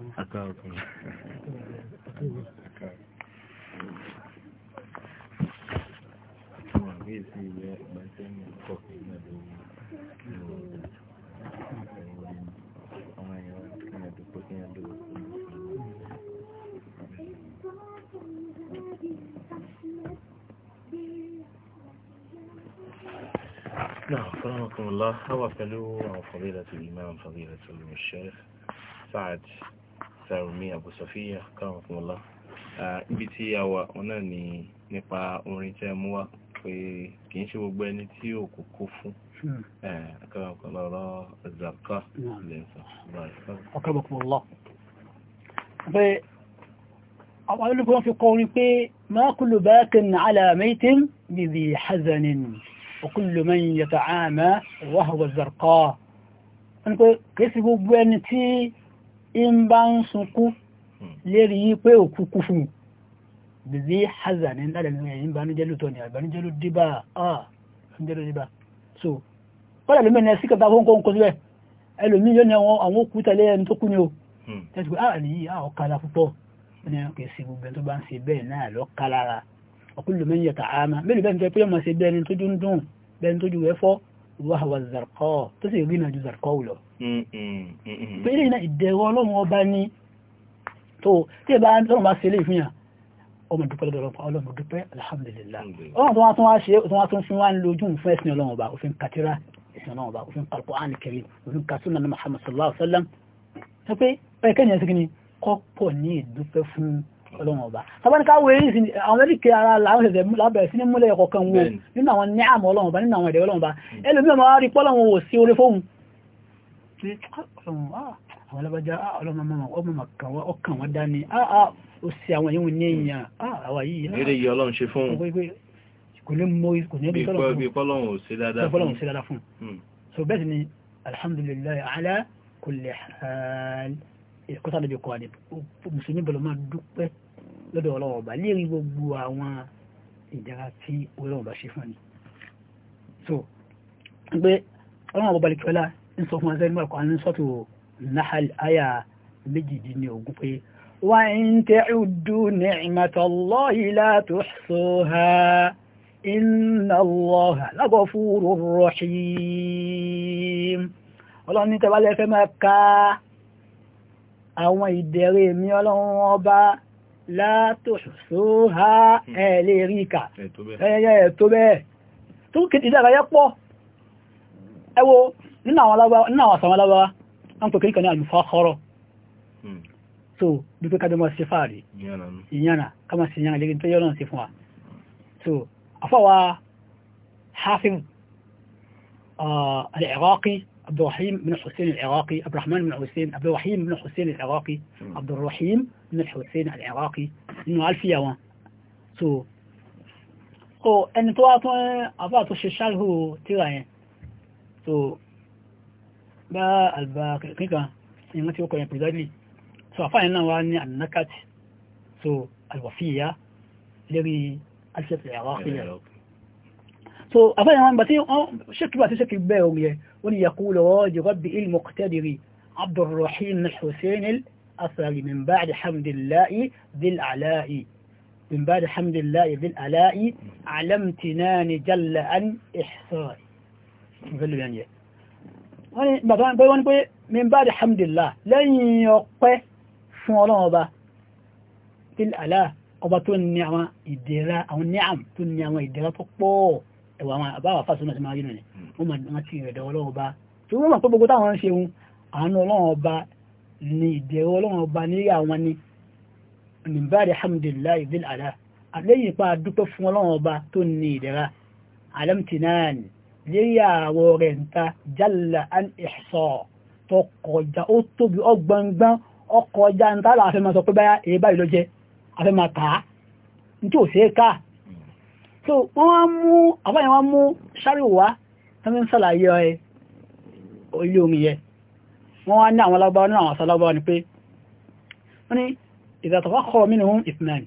رحمكم الله هو فلو عن فضيلة الإمام فضيلة الشيخ سعد سارمي أبو صفية رحمكم الله ibi tí a wà ọ̀nà ni nípa orin tẹ́ mú wá pé kì í ṣe gbogbo ẹni tí ò kò kó fún akọ́kọ̀lọ́rọ̀ zaka lẹ́sọ̀ ọkọ̀bọ̀kọ̀lọ́ pé àwọn olùgbọ́n fi kọ́ orin pé ma kullu bakin ala maitin bi dhi hazanin وكل من يتعامى وهو الزرقاء wọ́n pé kìí sí gbogbo ẹni tí in bá ń sunkún lérí yí pé òkú kú fún bìbí haza ní ládàmí ẹ̀yìn ìbànújẹ́ ló tọ́ni àbànújẹ́ ló dìbà ah ìbànújẹ́ ló dìbà so wọ́n lè lómìnira sí kẹta fún kóńkó síbẹ̀ ẹlòmí yóò ní àwọn òkú tẹ̀lé ẹni tó kú ni o tẹ́sí pé ah nìyí ah ọ̀kadà púpọ̀ wọ́n ní kìí sí gbogbo ẹni tó bá ń ṣe bẹ́ẹ̀ náà lọ́kàlára ọkùnlù mẹ́rin yẹ̀ta àmà mẹ́rin bẹ́ẹ̀ pé yọmọ sí bẹ́ẹ̀ni tó dún dùn bẹ́ẹ̀ni tó ju ẹ̀fọ́ wàhùwà zarkọ́ tó sì rí náà ju zarkọ́ lọ. pé ilé iná ìdẹ̀wọ́ ọlọ́run ọba ní tó tí ìbá ọlọ́run bá ṣe ilé ìfihàn ọmọ dúpẹ́ lọ́dọ̀ ọlọ́run dúpẹ́ alhamdulillah ọmọ tó wá tún wá ṣe tó wá ọlọ́run ọba tàbáníká wo èyí sin àwọn ẹlẹ́kẹ́ ara láwọn ẹ̀sẹ̀ lábẹ̀ẹ́ sí ní múlẹ̀ ọ̀kọ̀kan wo nínú àwọn ní àmọ́ ọlọ́run ọba nínú àwọn ẹ̀dẹ̀ ọlọ́run ọba hmm. ẹlòmí ọmọ rí pọ́lọ́run wò sí orí fóun ah, ah, àwọn alábájá ah, ọlọ́mọ ọkàn wọn dání ó sì àwọn èyí ní èèyàn àwà yìí kò ní hmm. kọ́ adé musulmi bọ̀lọ́ máa dúpẹ́ lọ́dọ̀ ọlọ́wọ́ ọba lérí gbogbo àwọn ìdára tí ọlọ́wọ́ ọba ṣe fún ni so pé ọlọ́wọ́ ọba balikiola ń sọ fún azẹ́rí mọ́kàn ní sọ́tò nahal aya méjìdínlógún pé wà ń tẹ́ ìdú ní ni'matallahi la tuhsuha àwọn ìdẹ̀rẹ̀ mi ọlọ́run ọba látò sóhá hmm. ẹ̀lẹ́ ríkà ẹ̀yẹ tó bẹ́ẹ̀ tó kìtì dára yẹ pọ̀ ẹwọ nínú àwọn àsàwọn alábáwá wọ́n hmm. tó kìríkà ní àlùfáàkọ́rọ̀ so dúpẹ́ ká jọmọ́ sí fàárí ìyànà kama sí ìyànà lẹ́gbẹ̀ẹ́ tó yọ́ náà sí fún wa so afọ́wà hafim al-iraqi abdurrahim bin hussein al-iraqi abdurrahman bin hussein abdurrahim ní Hussein al-Iraqi nínú alfiya wọn so so ẹni tó wá tún àbá tó ṣe ṣáàrù tíra yẹn so bá àgbà kíkan ìwọ́n tí ó kọ̀yẹ̀ pẹ̀lú so àfáàyàn náà wá ní ànákàtì so alwafiya lérí alfiya al-Iraqi so afẹ́ ìwọ̀n bàtí ṣekíbà tí ṣekí bẹ́ẹ̀ orí ẹ wọ́n ni yà kú lọ́wọ́ jẹ́ rabbi il-muqtadiri abdulrahim al-hussein الأثر من بعد حمد الله ذي الأعلاء من بعد حمد الله ذي الألاء على امتنان جل أن إحصاء من بعد حمد الله min bá da hamdìlá lẹ́yìn ọpẹ́ fún ọlọ́run ọba tí àlá ọba tó ní àwọn ìdẹ̀ra àwọn ni'am tó ní àwọn ìdẹ̀ra tó pọ̀ ẹ̀wà àwọn àbáwà fásitì ti máa rí nù wọ́n ma ti rẹ̀dẹ̀ ọlọ́run ọba tí wọ́n mọ̀ pé gbogbo táwọn ń ṣe ni ìdẹ̀rọ ọlọ́run ọba ní àwọn ni nìbáàdì alhamdulillah ìdíl àdá àlẹ́yìn ipa dúpẹ́ fún ọlọ́run ọba tó ní ìdẹ̀ra alamtinan lérí àwọ̀ rẹ̀ ń ta jalla an ihsa tó kọjá ó tóbi ọgbọngbọn ọkọjá ń tààlà àfẹ́ máa sọ pé báyá èyí báyìí ló jẹ́ àfẹ́ máa kàá ní tí ò sí ká so wọ́n mú àbáyẹ̀ wọ́n mú sáríwá tẹ́mí ń sàlàyé ọ wọ́n wá ní àwọn alágbáwá nínú àwọn alágbáwá ni pé wọ́n ní ìdàtọ̀kọ́kọ́ minhum ithnan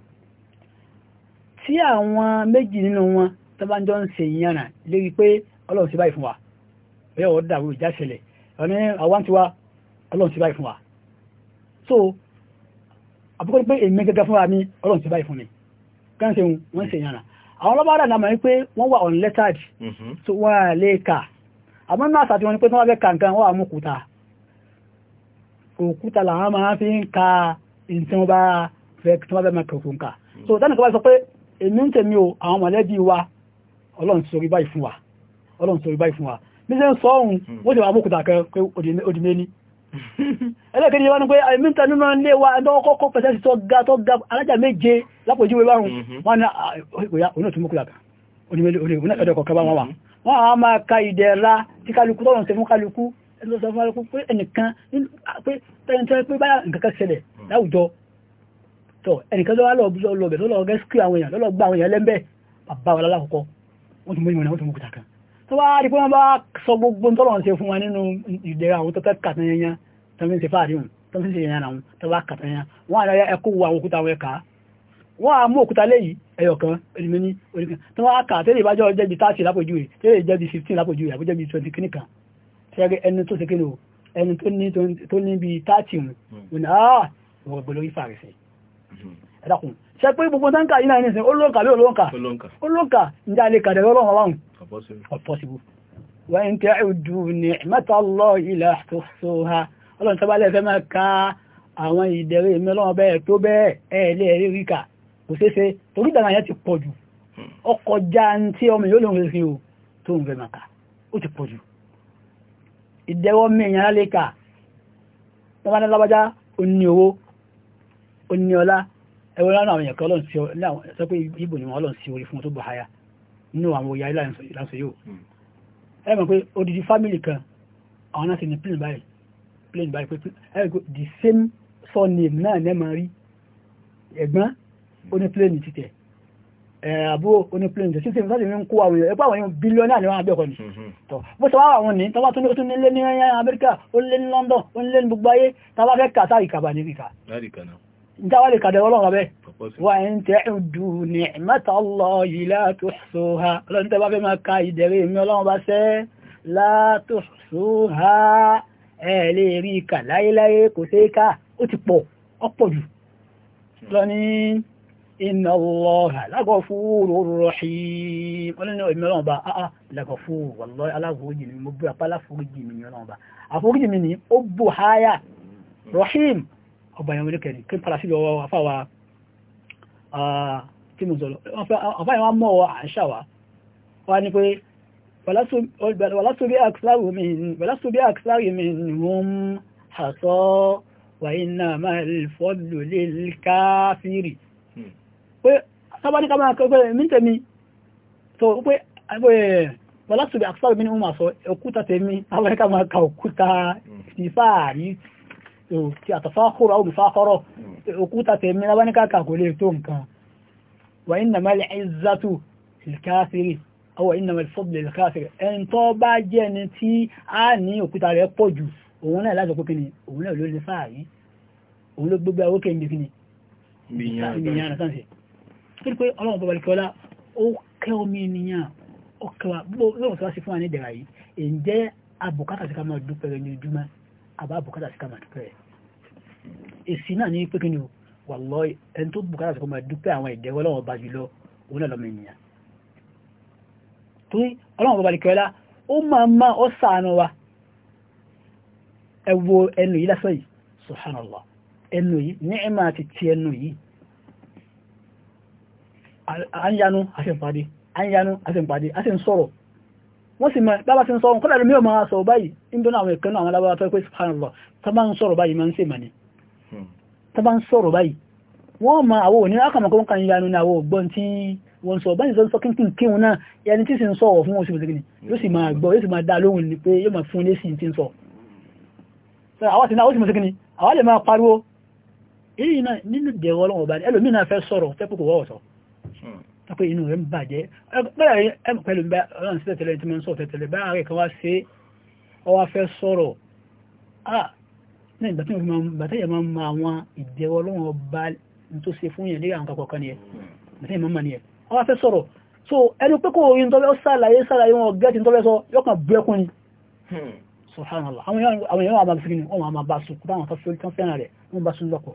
tí àwọn méjì nínú wọn tó bá ń jọ ń ṣe ìyànà lérí pé ọlọ́run ti báyìí fún wa bẹ́ẹ̀ ọ̀rọ̀ dàrú ìjáṣẹlẹ̀ ọ̀ní àwọn tiwa ọlọ́run ti báyìí fún wa so àbúkọ́ pé èmi gẹ́gẹ́ fún wa mi ọlọ́run ti òkúta làwọn máa fi ń ka ìtí wọn bá fẹ́ tí wọ́n fẹ́ máa ká so hmm. tánà kọwàá sọ pé èmi ń tèmi o àwọn mọ̀lẹ́bí wa ọlọ́run sọrí báyìí fún wa ọlọ́run sọrí báyìí fún wa bí ṣe ń sọ ohun ó hmm. sì wà mọ́kùtà kẹ pé òdì méní ẹlẹ́kẹ̀ẹ́ wọn ni <laughs> pé èmi ń tẹnu máa ń lé wa ẹni tó kọ́kọ́ pẹ̀sẹ̀ sí tó ga tó ga alájà méje lápòjúwe báwọn hmm. wọn ni òyà ah, òun náà tún mọ́kùtà kan òdì méní òdì òun ló sọ fún wa pé ẹnìkan pé tẹ́ntẹ́ pé báyà nǹkan kan ṣẹlẹ̀ láwùjọ tó ẹnìkan lọ́wọ́ lọ́ọ́ búzọ́ lọ́bẹ̀ lọ́lọ́ rẹ́síkì àwọn èèyàn lọ́lọ́ gba àwọn èèyàn lẹ́m̀bẹ̀ bàbá wa lálákọ̀ọ́kọ́ wọ́n ti mú ìmọ̀ràn wọ́n ti mú kùtà kan tó wá rí pé wọ́n bá sọ gbogbo ń tọ́lọ̀ ń ṣe fún wa nínú ìdẹ̀ra àwọn tọ́tẹ́ kàtẹ́yẹnyá tó fi ń ṣe fáàrí hùn tó fi ń ṣe ìyẹn àwọn tó bá kàtẹ́yẹn wọ́n á rẹ ẹkú wo àwọn òkúta wọn ẹ̀ka wọ́n á mú òkúta léyìí kan ṣẹ́gẹ́ ẹni tó ṣe kínú ẹni tó ní bí táàtì mú hmm. ní àà ah, ìwọ̀n gbẹ̀lú ìfà rẹ̀ sí ẹ̀dàkùn ṣe pé gbogbo tánkà yìí náà ní ìsìn olóǹkà bí olóǹkà olóǹkà ní alẹ́ kàdẹ̀ ọlọ́run ọlọ́run ọ̀pọ̀sibú wọ́n ka àwọn ìdẹ̀rẹ́ mi ọlọ́run bẹ́ẹ̀ tó bẹ́ẹ̀ ẹ̀ lé ẹ̀rí sí o tó ń fẹ́ máa ka ó ti ìdẹ́wọ́ mẹ́yìn alálẹ́kà tọ́bánà lábájá oní owó oní ọlá ẹwọ́ lánà àwọn èèyàn kan lọ́n sí sọ pé ibò ni wọ́n lọ́n sí orí fún tó bọ̀ háyá nínú àwọn oyà ìlànsọ yóò ẹ pé odidi fámìlì kan àwọn náà sì ní plane báyìí plane báyìí pé ẹ rí pé the same surname náà ní Eh, àbúrò oníplẹ̀ǹdì sí sèfì láti ń kó àwọn èèyàn ẹgbẹ́ àwọn èèyàn bílíọ̀nì àníwọ̀n àbẹ́kọ̀ ni mm-hmm. tọ́ bó ṣe wá àwọn ní tọ́wọ́ tó ní lé ní eh, Amẹ́ríkà ó lé ní London ó lé ní gbogbo ayé tàbá fẹ́ kà sáà ìkàbà ní kíkà ìjáwà lè kàdẹ̀ ọlọ́run abẹ́ wà ń tẹ́ ìdù ní mẹ́ta Allahi la ọlọ́run tẹ́ bá fẹ́ máa ka ìdẹ̀rẹ́ mi ọlọ́run bá sẹ́ la tuhsuha ẹ̀ lè rí ìkà láyéláyé kò sí ká ó ti pọ̀ ọ̀pọ̀ jù lọ ní inna Allaha lagafurur rahim wọ́n ní ìmọ̀ràn ọba ah, áá ah, lagafuru wallahi aláforíjì ni mo bú apá aláforíjì mi ìmọ̀ràn ọba àforíjì mi ni ó bù háyà rahim ọba ìyàwó ní kẹrin kí n padà sí lọ́wọ́ afáwa tí mo sọ̀rọ̀ afáyà wọn mọ̀ wọ àṣà wa wọ́n ní pé wàlásù bí àkísàrì mi wọ́n àsọ wà iná máa fọ́dù lè káfírì pé sábàdí ká máa kẹgbẹ́ mi tẹ̀mí so pé pọ̀lásùgbé àkùsàrù mi ni wọ́n máa sọ òkúta tẹ̀mí sábàdí ká máa ka òkúta ìfààrí tí àtàfáàkùrù àwọn olùfáàkọ́rọ̀ òkúta tẹ̀mí sábàdí ká kà kò lè tó nǹkan wà ní nàmà ilẹ̀ ìzàtù ìlkáfìrí àwọn ìnàmà ìfọ́bìlẹ̀ ìlkáfìrí ẹni tó bá jẹ́ ni tí a ní òkúta rẹ̀ pọ̀ jù òun náà láti kókè ni òun náà ló lè fààrí òun ló gbogbo àwókè ń bí kí ni torí pé ọlọ́run bọ̀bọ̀ ìkọlá ó kẹ́ omi ènìyàn ó kẹwà lọ́wọ́ tó wá sí fún wa ní ìdẹ̀ra yìí ǹjẹ́ abùkátà sí ká máa dúpẹ́ rẹ̀ ní ojúmọ́ àbá abùkátà sí ká máa dúpẹ́ rẹ̀ èsì náà ní pé kí ni wallahi ẹni tó bùkátà sí ká máa dúpẹ́ àwọn ìdẹ̀wọ́ lọ́wọ́ bá jùlọ òun náà lọ́mọ ènìyàn torí ọlọ́run bọ̀bọ̀ ìkọlá ó máa má ọ sàánú wa ẹ wo ẹnu yìí lásán yìí subhanallah ẹnu yìí ní ẹ̀ máa ti ti ẹnu yìí à ń yanu a ṣe ń pàdé à ń yanu a ṣe ń pàdé a ṣe ń sọ̀rọ̀ wọ́n sì mọ̀ bá bá ṣe ń sọ̀rọ̀ kọ́lá lómi ò máa sọ̀rọ̀ báyìí ń dọ́nà àwọn ìkànnà àwọn alábára tó pé subhanallah tó bá ń sọ̀rọ̀ báyìí máa ń ṣe màní hmm. tó bá ń sọ̀rọ̀ báyìí wọ́n ma àwọ̀ òní lákàmọ̀kọ́ wọn kàn yanu ní àwọ̀ ọgbọ́n tí wọ́n sọ báyìí sọ kínkín kí wọn náà yẹni tí sì ń sọ̀rọ̀ fún oṣù mẹ́sẹ̀kì ni yóò sì máa gbọ́ yóò sì máa dá lóhùn ni pé yóò máa fún ilé sí ti ń sọ àwọn ti náà oṣù mẹ́sẹ̀kì ni àwọn lè máa pariwo èyí náà nínú ìdẹ̀rọ ọlọ́wọ̀ bá ní ẹlòmíì náà fẹ́ sọ̀rọ̀ fẹ́ púpọ̀ wọ́ọ̀sọ̀ pé inú rẹ̀ ń bàjẹ́ pẹ̀lú ọ̀rán sí tẹ̀tẹ̀lẹ̀ tí mo ń sọ tẹ̀tẹ̀lẹ̀ bá ààrẹ kan wá sí ọwá fẹ́ sọ̀rọ̀ bàtẹ́yẹ̀ máa ń ma àwọn ìdẹ̀wọ̀ lọ́wọ́ bá tó ṣe fún yẹn lérí àwọn kakọ̀ọ̀kan ni ẹ̀ bàtẹ́yẹ̀ máa ń ma ni ẹ̀ ọwá fẹ́ sọ̀rọ̀ so ẹni pé kò oyin tọ́lẹ́ ó sàlàyé sàlàyé wọn gẹ́ẹ̀tì tọ́lẹ́ sọ yọkàn bú ẹkùn ni hmm. subhanallah àwọn èèyàn àmàbìsí ni wọ́n máa bá sùn kúrò àwọn tó fẹ́ràn rẹ̀ wọ́n bá sùn lọ́kọ̀ọ́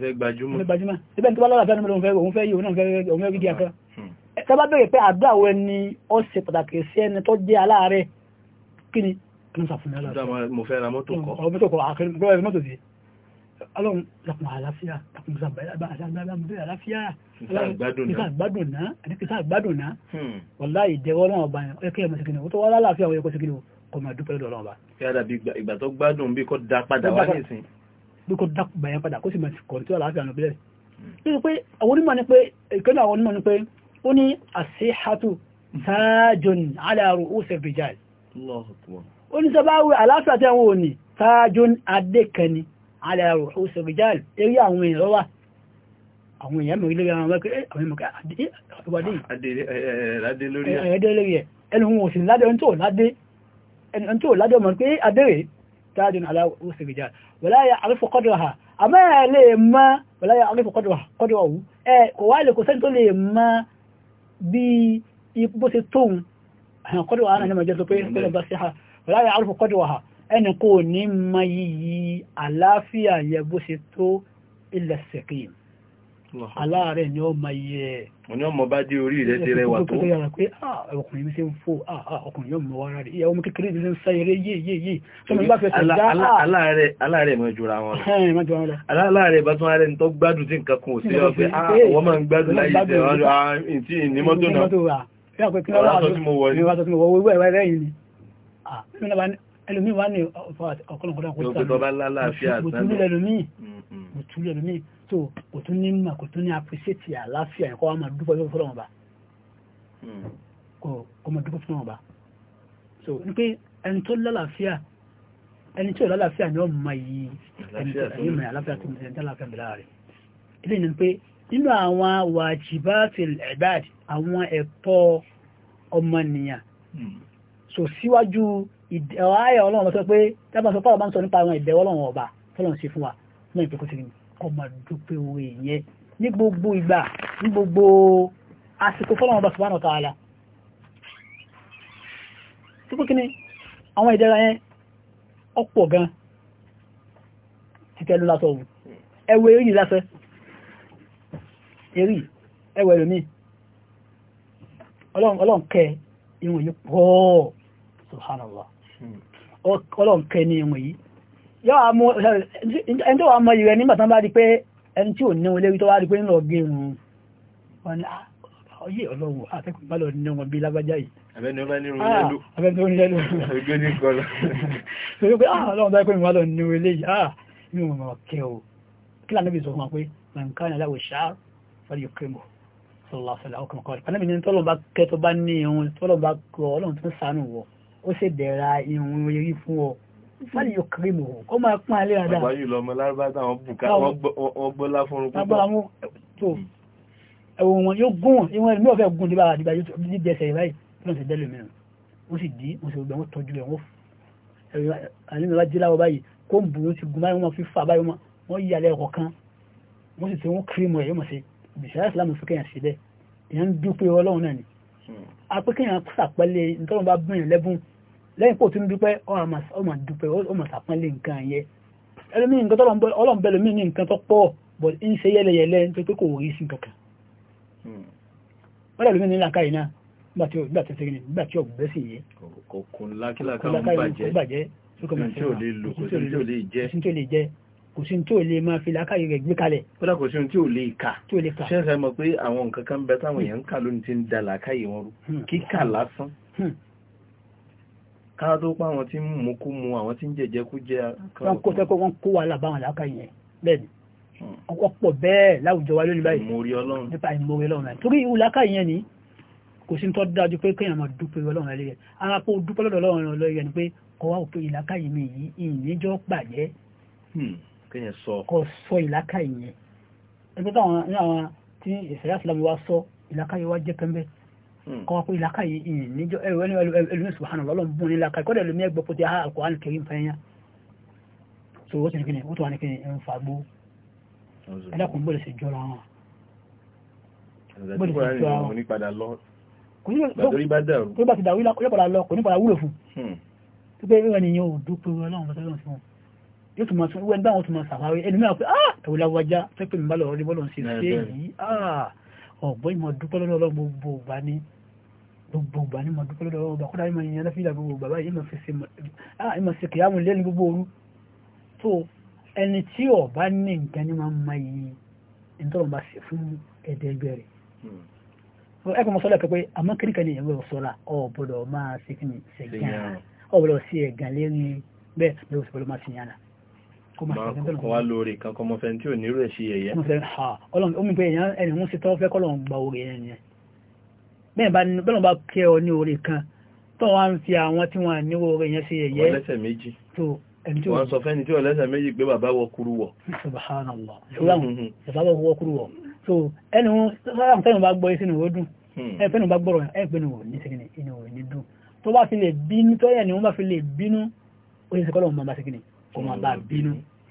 fẹ́ gbajúmọ̀ ibẹ̀ ní tó bá lọ́la fẹ́ nínú òun fẹ́ yìí òun fẹ́ rí díẹ̀ kan ká bá bẹ̀rẹ̀ pé àdúrà wo ẹni ó ṣe pàtàkì sí ẹni tó jẹ́ aláàárẹ̀ kí ni kí n sàfún aláàárẹ̀. mo fẹ́ ra mọ́tò kọ́ ọ mọ́tò kọ́ àkẹ́rẹ́ gbọ́dọ̀ ẹ̀rọ mọ́tò sí ọlọ́run lakùn àlàáfíà lakùn àlàáfíà kìsà gbádùn náà àti kìsà gbádùn náà hmm. wàlá ìdẹ́wọ́ náà ọba yẹn ẹ̀kẹ́ ẹ̀mọ́ sẹ́kìnnì tó wà láàáfíà wọ́n yẹ kó sẹ́kìnnì kò máa dúpẹ́ lọ́wọ́ ọba. yàrá ìgbà tó gbádùn bí kò dá padà wá nísìn bí kò dákù bàyá padà kó sì mọ̀ kọ̀rọ̀ tí wà láàfíà nù bílẹ̀ hmm. nítorí pé àwọn onímọ̀ ni pé ìkẹ́lú àwọn onímọ̀ ni pé ó ní àṣíhàtù tájùn aláàrù òsè bìjáì ó ní sábáwí aláàfíà tí àwọn òní tájùn adékẹni aláàrù òsè bìjáì eré àwọn èèyàn lọ́wà àwọn èèyàn mọ̀ ilé àwọn ẹgbẹ́ àwọn èèyàn adé lórí ẹ̀ تاج على رؤوس الرجال ولا يعرف قدرها أما لما ولا يعرف قدرها قدره إيه كوالي كسنت لما بي يبوس التون قدرها أنا لما جلت بيه كل بصيحة ولا يعرف قدرها أن يكون ما يي على فيها يبوس التو إلا السقيم aláàrẹ̀ ni ó ma yẹ ẹ̀ ni ó mọ bá dé orí rẹ̀ ti rẹwà tó ọkùnrin mi ṣe ń fò ọkùnrin yóò mọ wára rẹ̀ ìyàwó mi kékeré mi ṣe ń sá eré tó mọ̀ jura wọn wá ní ọ̀pọ̀ ọ̀kọ́lọ̀kọ́lọ̀ tó kò tún ní mà kò tún ní appreciate àlàáfíà ẹ̀kọ́ wa máa dúpọ̀ lọ́wọ́ fọ́lọ́wọ́ bá kò máa dúpọ̀ fọ́lọ́wọ́ bá so ní pé ẹni tó lálàáfíà ẹni tí ò lálàáfíà ni ó máa yí ẹni tó ní àlàáfíà tó ní àlàáfíà bẹ̀rẹ̀ rẹ̀ ilé ni pé nínú hmm. so siwaju ìdẹ̀wọ̀ ayọ̀ ọlọ́run lọ sọ pé tábà sọ pé ọba ń sọ nípa àwọn ìdẹ̀wọ̀ ọlọ́run ọba tọ́lọ́run sí fún wa náà ìpẹ́kọ́ ni kọ́ máa dúpẹ́ owó ìyẹn ní gbogbo ìgbà ní gbogbo àsìkò fọ́lọ́wọ́n bá subhanahu wa ta'ala tí pé kí ni àwọn ìdẹ́ra yẹn ọ̀pọ̀ gan kíkẹ́ ló lásọ̀ wù ẹwẹ́ eré yìí lásẹ̀ eré ẹwẹ́ lómi ọlọ́nkẹ́ ìwọ̀n yìí pọ̀ subhanallah hmm. ọlọ́nkẹ́ ni ìwọ̀n yìí ẹni tó wà mọ ìrẹ nígbàtán bá di pé ẹni tí ò ní olórí tó wá di pé ń lọ gbé irun wọn ni ah, ọyẹ ọlọ́run àtẹ́kùn bá lọ ní wọn bí lágbájá yìí abẹ́ni ọba ní ah, <laughs> <laughs> ah ọlọ́run bá pé ìwà lọ ní olè yìí ah inú ọmọ ọkẹ o kí lànà bí sọ fún wa pé nǹkan ní aláwọ̀ ṣáà fẹ́lẹ̀ yóò kémo sọlá sọlá ọkàn kọ́ ọ̀rẹ́ pàdánù ní tọ́lọ́ bá kẹ́ tó bá ní irun tọ́lọ́ bá kọ ọlọ́run tó ń sànù wọ ó sì fàlì yóò kiri mọ̀ kó máa pín alẹ́ àdá. bàbá yìí lọmọ lárúbá táwọn bùkà wọn gbọ́lá fún un púpọ̀. agbára wọn tó hmm. ẹ̀wọ̀n wọn yóò gún wọn ìwọ̀n ẹ̀mí ọ̀fẹ́ gún níbà àdìbà yóò ti dẹsẹ̀ ìbáyìí lọ́n ti dẹ́lẹ̀ mìíràn ó sì dí ó sì gbẹ̀ wọ́n tọ́jú ẹ̀ wọ́n àníbi bá jíláwọ̀ báyìí kó ń bù wọn ti gun báyìí wọn fi fà báyìí wọn yí alẹ́ ẹ̀kọ́ kan wọ́n sì ti wọ́n kiri mọ̀ ẹ̀yọ́ mọ̀ sí bìsíláà ìsìlámù fún kẹ́yàn sí bẹ́ẹ̀ èèyàn dúpẹ́ ọlọ́run náà ni hmm. apẹ́kẹ́yàn sàpẹ́lẹ̀ nítorí bá bẹ̀rẹ̀ lẹ́bùn lẹ́yìn pò tí ń dúpẹ́ ọmọ dúpẹ́ ọmọ sàpọ́nlé nǹkan yẹ ẹlòmíì nǹkan tọ́lọ̀ ọlọ́run bẹ́ẹ̀ lómi ní nǹkan tó pọ̀ but ń ṣe yẹ́lẹyẹ̀lẹ́ nítorí pé kò rí sí kankan hmm. wọ́n lẹ́lòmíì ní làkàyè náà nígbà tí ọgbà tí ṣẹ́gi nígbà tí ọgbẹ́ sì yẹ kò lákìlákà ń bàjẹ́ kò sí tí ò lè jẹ́ kò sí tí ò lè máa fi lákàyè rẹ̀ gbé kalẹ̀. kódà kò sí tí ò lè kà tí ò lè kà. ṣẹ́ṣẹ́ mọ̀ pé àwọn nǹkan kan bẹ táwọn èèyàn ń kà lónìí ti ń da làkàyè wọn rú hmm. kíkà lásán hmm ká tó pa àwọn tí ń mú kú mu àwọn tí ń jẹjẹ kú jẹ wọn kó tẹ́kọ́ wọn kó wà lábáwọn láàkà yẹn bẹ́ẹ̀ni hmm. ọ̀pọ̀ bẹ́ẹ̀ láwùjọ wa lónìí báyìí ìmórí ọlọ́run nípa ìmórí ọlọ́run láì torí ìwù láàkà yẹn ni kò sí tó dájú pé kéèyàn máa dúpẹ́ ọlọ́run láì lẹ́yẹ ara pé o dúpẹ́ lọ́dọ̀ ọlọ́run lọ́yẹ ni pé kọ́ wá òpin ìlàkà yìí mi yìí ìníjọ́ gbàjẹ́ hmm. kò sọ ìlàkà yẹn ẹgbẹ́ táwọn tí ìṣẹ̀lẹ̀ àṣìlámi wa sọ ìlàkà jẹ́ pẹ́ńbẹ́ Hmm. kọ́ wá pé ìlàkàyè ìyìn níjọ́ ẹlòmí subhanahu lọ́lọ́ bùn ní ìlàkàyè kọ́dẹ̀ lómi ẹgbẹ́ pọ̀ tí a al so ó ti ní kíni ó tó wà ní kíni ẹ̀ ń fagbó ẹlẹ́kùn bọ́ọ̀lù sí jọra wọn bọ́ọ̀lù sí jọra wọn tó bá ti dàwí lọ́pọ̀lá lọ kò ní padà wúlò fún hmm. tó pé ìwẹ̀ nìyàn ò dúpẹ́ ọlọ́run bọ́sọ́lọ́run sí wọn yóò tún máa sọ ìwẹ̀ ń dáwọn tún máa sàwárí ẹni mẹ́wàá pé ah tàwíláwájá tó pè mí bá lọ rí bọ́ọ̀lù sí ṣe yìí ah ọ̀gbọ́n ìmọ̀ dúpẹ́ lọ́dọ̀ ọlọ́run gbogbo ìgbà ni gbogbo ìgbà ni mo dúpẹ́ lọ́dọ̀ ọlọ́run ọba kódà ìmọ̀ ìyẹn lọ́fíìlà gbogbo ìgbà báyìí ìmọ̀ sí kìyàmù lé ní gbogbo òru tó ẹni tí ọba ní nǹkan ní máa ń ma yìí nítorí ọba sí fún ẹ̀ẹ́dẹ́gbẹ́ rẹ̀ hmm. ẹ̀kọ́ mọ́ sọ́lá pé àmọ́ máa sí kí ni ṣẹ̀gán sí ẹ̀gán lérí bẹ́ẹ̀ lọ́wọ́ máa sí yàrá kọ́ wá lórí kan kọmọ fẹ́ tí ò nírú ẹ̀ sí ẹ̀yẹ́ ọlọ́run ó mú pé èèyàn ẹni mú sí tọ́ fẹ́ kọ́lọ̀ gba orí ẹni ẹ̀ bẹ́ẹ̀ bá ní bọ́lọ̀ bá kẹ́ ọ ní orí kan tó wá ń fi àwọn tí wọ́n ní orí yẹn sí ẹ̀yẹ́ ọlẹ́sẹ̀ méjì tó ẹni tí wọ́n sọ fẹ́ni tí ọlẹ́sẹ̀ méjì pé bàbá wọ kúrú wọ̀ subhanallah mm-hmm. so ẹni wọn sára fẹ́ni bá gbọ́ sínú ó dùn hmm. ẹ fẹ́ni bá gbọ́rọ̀ ẹ pé ní wọ́n ní sẹ́kìnì inú ò ní dùn tó bá fi lè bínú tó yẹ ni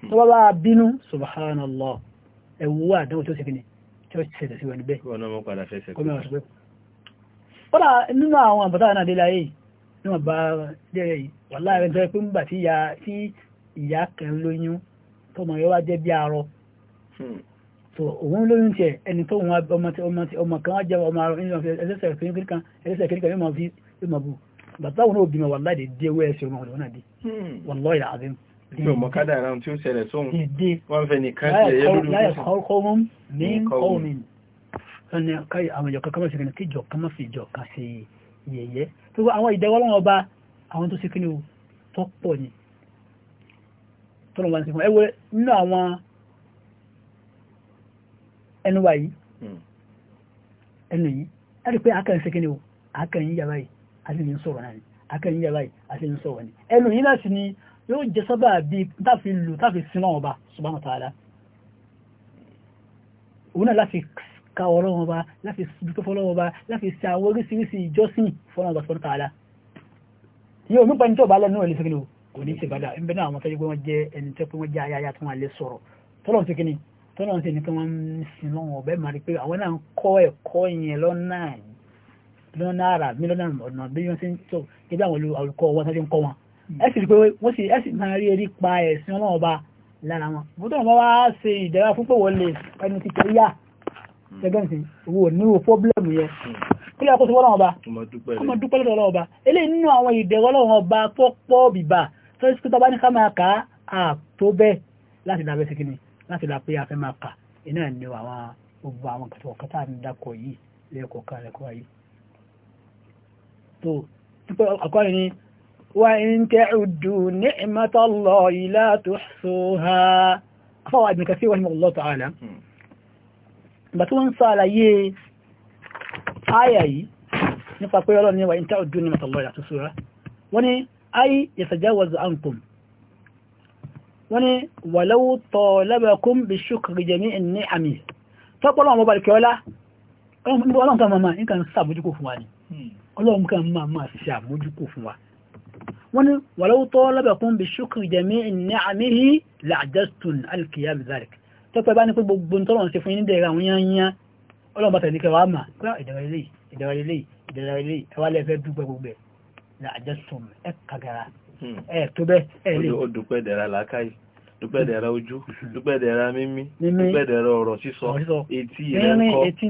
tó bá bá bínú subhanallah ẹ̀wù wà dáwọ̀ tó sẹ́kìnì tí ó ṣẹ̀ṣẹ̀ sí wọn bẹ́ẹ̀ kọ́nà nínú àwọn àbọ̀tá náà dé láyé níwọ̀n bá dẹ́rẹ̀ yìí wà láàrin tó yẹ pé ń bà tí ìyá kan lóyún tọmọ yọ wá jẹ́ bí arọ hmm. so òun lóyún tiẹ̀ ẹni tó wọn ọmọ kan wá jẹ́ ọmọ arọ nínú ẹlẹ́sẹ̀ kìrìkan ẹlẹ́sẹ̀ kìrìkan yóò máa bù bàtà wọn ò bímọ wà láì dé wẹ́ẹ̀sì ọmọ ọ̀dọ̀ náà dé hmm. wallahi alazim tí o mọ̀kádà ìran tí ó ṣẹlẹ̀ sóhun wọ́n fẹ́ nìkan sí ẹ̀yẹ́ lórí ọkùnrin ní kọ́ọ̀mìn ẹni àwọn ìjọ kankan mọ̀sí kí ìjọ kan mọ̀sí ìjọ kan sí yẹ̀yẹ́ tó wọ́n àwọn ìdẹ́wọ́ lọ́wọ́ bá àwọn tó sí kí ni o tó pọ̀ ni tó lọ́wọ́ sí fún ẹwẹ́ nínú àwọn ẹnu wa yìí hmm. ẹnu yìí ẹni pé akẹ́yìn sí kí o akẹ́yìn yàrá yìí a sì ń sọ̀rọ̀ náà ni akẹ́yìn yàrá yìí a sì ń sọ̀rọ̀ ni yóò jẹ sábà bí táfi lù táfi sin náà ọba subhanahu wa ta'ala òun náà láti ka ọlọ́wọ́n ọba láti dúpẹ́ fọlọ́wọ́n ọba láti ṣe àwọn oríṣiríṣi ìjọsìn fọlọ́wọ́n ọba subhanahu wa ta'ala yóò nípa ẹni tó bá lẹ́nu ẹ̀lẹ́sẹ̀ kìnnìkò kò ní ṣe bàdà ẹni bẹ́ẹ̀ náà àwọn tọ́jú pé wọ́n jẹ́ ẹni tó pé wọ́n jẹ́ ayáyá lọ́nà ara mi lọ́nà ọ̀nà bí wọ́n ti ń tọ́ kébí àwọn olùkọ́ wọn tó ń kọ́ wọn ẹ̀sì rí pé wọ́n sì ẹ̀sì máa rí erí pa ẹ̀sìn ọlọ́run ọba lára wọn bó tó wọn wá ṣe ìdẹ́wà fún pé wọ́n lè ẹnu ti tẹ̀ yá hmm. gẹ́gẹ́ ní owó nírú fọ́blẹ̀mù yẹn kí lè àkóso ọlọ́run ọba ọmọ dúpẹ́ lọ́dọ̀ ọlọ́run ọba eléyìí nínú àwọn ìdẹ̀wọ́ ọlọ́run ọba tó pọ̀ bìbà tó ṣe tó bá ní ká máa kà á tó bẹ́ẹ̀ láti dàbẹ́ sí kíni láti dà pé a fẹ́ ni وإن تعدوا نعمة الله لا تحصوها فوائد ابن كثير رحمه الله تعالى بتون صالحي آية nípa pé ọlọ́run ní wa in ta'uddu ni'mata Allahi la tuhsuha wọ́n ni ay yatajawaz ankum wọ́n ni walaw talabakum bishukri jami'i ni'ami tọ́pọ̀lọ́wọ́n mọ́ balẹ̀ kẹ́ọ́lá ọlọ́run kan máa ń kan sàmójúkò fún wa ni hmm. ọlọ́run kan máa máa sàmójúkò fún wa wọ́n ní wàlọ́wọ́ tó lọ́bẹ̀kún bí ṣúkùrù jẹ̀mí ní àmìhí làjẹ́stùn alkiyam zarik tó pẹ́ bá ní pé gbogbo tọ́lọ̀ ṣe fún yín dẹ̀ra àwọn yányá ọlọ́mọ tẹ̀lé kẹwàá mà pé ìdẹ̀rẹ̀ ilé ìdẹ̀rẹ̀ ilé ìdẹ̀rẹ̀ ilé ó dúpẹ́ dẹ̀ra làákàyè dúpẹ́ dẹ̀ra ojú hmm. dúpẹ́ dẹ̀ra mímí dúpẹ́ dẹ̀ra ọ̀rọ̀ sísọ etí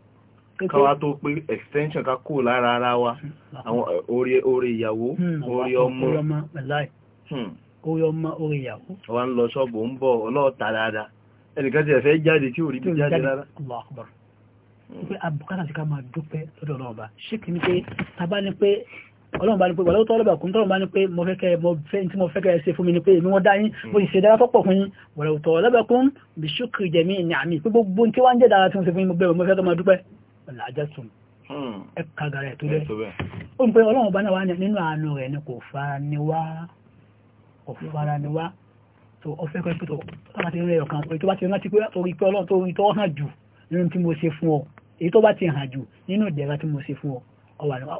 káwa tó pé extension ká kó lára ara wa àwọn eh, orí orí ìyàwó hmm, orí ọmọ orí ọmọ hmm. orí ìyàwó wa ń lọ ṣọ́ọ̀bù ń bọ̀ ọlọ́ọ̀ta dáadáa ẹnìkan ti ẹ̀fẹ́ jáde tí ò rí bí jáde rárá hmm. pé abùkátà ti ká máa dúpẹ́ lọ́dọ̀ ọlọ́run ọba ṣé kìí pé tàbá ní pé ọlọ́run bá ní pé wàlọ́wọ́ tọ́lọ́bà kún tọ́lọ́run bá ní pé mo fẹ́ kẹ́ mo fẹ́ tí mo fẹ́ kẹ́ ṣe fún mi ni pé èmi wọ́n dá mo sì ṣe dára tọ́pọ̀ fún yín wàlọ́wọ́ tọ́lọ́bà kún bìṣúkì jẹ̀mí ní àmì pé gbogbo tí wọ́n jẹ́ dára tí mo ṣe fún yín mo bẹ̀rẹ̀ mo fẹ́ tó máa dúpẹ́ làjásùn hmm. ẹ kagara ẹ̀ tó bẹ́ẹ̀ ó ń pẹ́ ọlọ́run bá náà wá nínú àánú rẹ̀ ni kò fara ni wá kò fara ni wá tó ọfẹ́ kọ́ ìpẹ́tọ̀ tó bá ti rẹ̀ ọ̀kan tó bá ti rántí pé orí pé ọlọ́run tó rí tọ́ hàn jù nínú tí mo ṣe fún ọ èyí tó bá ti hàn jù nínú ìdẹ̀ra tí mo ṣe fún ọ ọwà ni ah, ah, ah,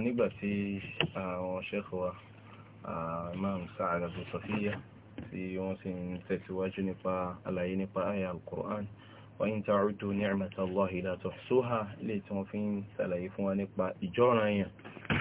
àwọn ṣẹ́kọ̀ọ́ wa imam sa'ad abu safiya tí wọ́n sì ń tẹ̀síwájú nípa àlàyé nípa àyà al-Qur'an wa in ta'uddu ni'matallahi la tuhsuha ilé tí wọ́n fi ń ṣàlàyé fún wa nípa ìjọ́ra yẹn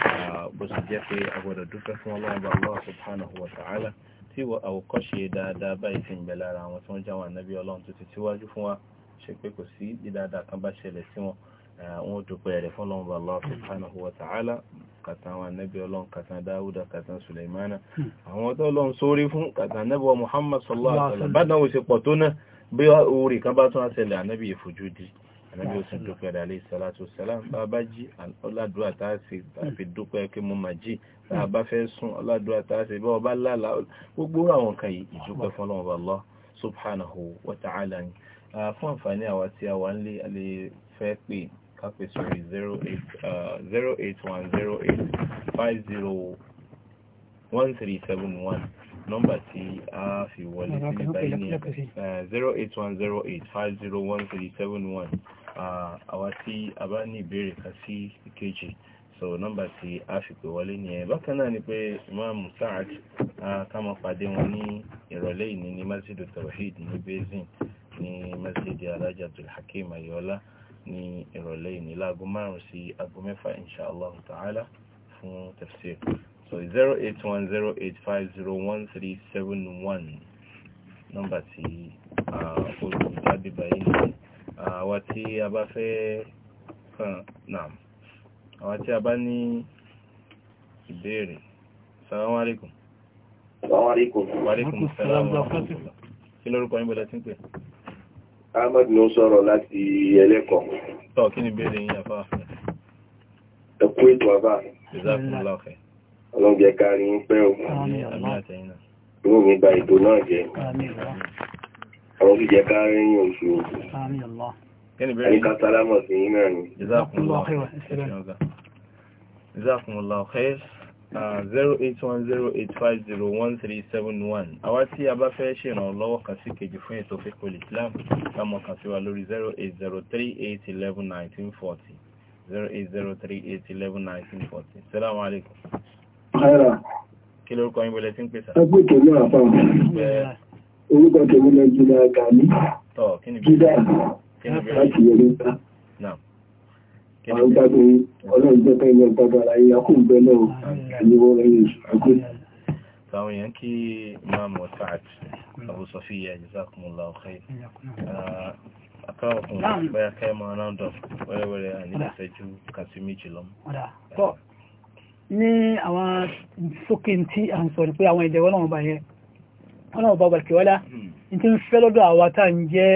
ah, bó sì jẹ́ pé agbọ́dọ̀ dúpẹ́ fún ọlọ́ọ̀bà Allah subhanahu wa ta'ala tí àwòkọ́ṣe dáadáa báyìí ti ń bẹ̀ lára ọlọ́run kàtàn àwọn anábì ọlọ́run kàtàn dáúdà kàtàn sùlẹ̀mánà hmm. àwọn tó lọ́n sórí fún kàtàn anábì wa muhammad sallallahu alaihi wasallam bá náà ṣe pọ̀ tó náà bí orí kan bá tún àṣẹlẹ̀ anábì ìfojú di anábì ó sì dúpẹ́ rẹ̀ alẹ́ ìsàlátù sàlám bá bá jí ọládùá tá a sì fi dúpẹ́ kí mo máa jí tá a fẹ́ pè kápẹ́ sórí 08108501371 nọ́mbà tí a fi wọlé sí báyìí ní 08108501371 àwa tí a bá ní ìbéèrè kan sí ìkejì so nọ́mbà tí a fi pè wọlé ní ẹ̀ bákan náà ni pé Imam Saad kama pàdé wọn ní ìrọ̀lẹ́ ìní ní Masjid Tawhid ní Basin ní Masjid Alhaji Abdulhakeem Ayọ̀ọ́lá ní ìrọ̀lẹ́ ìní láago márùn-ún sí aago mẹ́fà inshallah ta'ala fún tafsir so zero eight one zero eight five zero one three seven one nọ́mbà tí olùjáde báyìí ní àwa tí a bá fẹ́ kàn náà àwa tí a bá ní ìbéèrè salamu alaikum. salamu alaikum. wa alaikum salaam wa rahmatullah. kí lórúkọ yín bọ́lá tí ń pè. Ahmed ló sọ̀rọ̀ láti ẹlẹ́kọ̀ọ́. Tọ́ kí ni béèrè yín àfá? Ẹ kú ètò àfá. Ọlọ́gbẹ̀ kárí ń pẹ́ o. Ìwò mi gba ètò náà jẹ. Àwọn ti jẹ kárí ń oṣù oṣù. Àríká sálámọ̀ sí yín náà ni. Jazakumullahu khair. Uh, zero eight one zero eight five zero one three seven one àwa tí a bá fẹ́ ṣèrànlọ́wọ́ kan sí kejì fún ètò fíkòlì Islam lámọ̀ kan sí wa lórí zero eight zero three eight eleven nineteen forty zero eight zero three eight eleven nineteen forty salamu alaikum. kí lórúkọ yín wọlé tí ń pèsè. ẹgbẹ́ ìtọ́jú àpá orúkọ tèmi lọ jùlọ àgàmí jídà láti yẹlẹ́ta àwọn gbádùn ọlọ́run jẹ́ pẹ́lú ọgbádùn ara yìí akúgbẹ́ náà àníwọ́ lẹ́yìn ìṣàkó àwọn èèyàn kí máa mọ̀ sáàt Abu Sofia jazakumullahu khair akáwọ̀kùn bẹ́yà kẹ́ máa round up wẹ́rẹ́wẹ́rẹ́ àníkàṣẹ́jú kàtí méjì lọ ní àwọn sókè tí a ń sọ ní pé àwọn ìdẹ̀wọ́n náà bá yẹn wọ́n náà bá bàkẹ̀wọ́lá ní tí ń fẹ́ lọ́dọ̀ àwátà ń jẹ́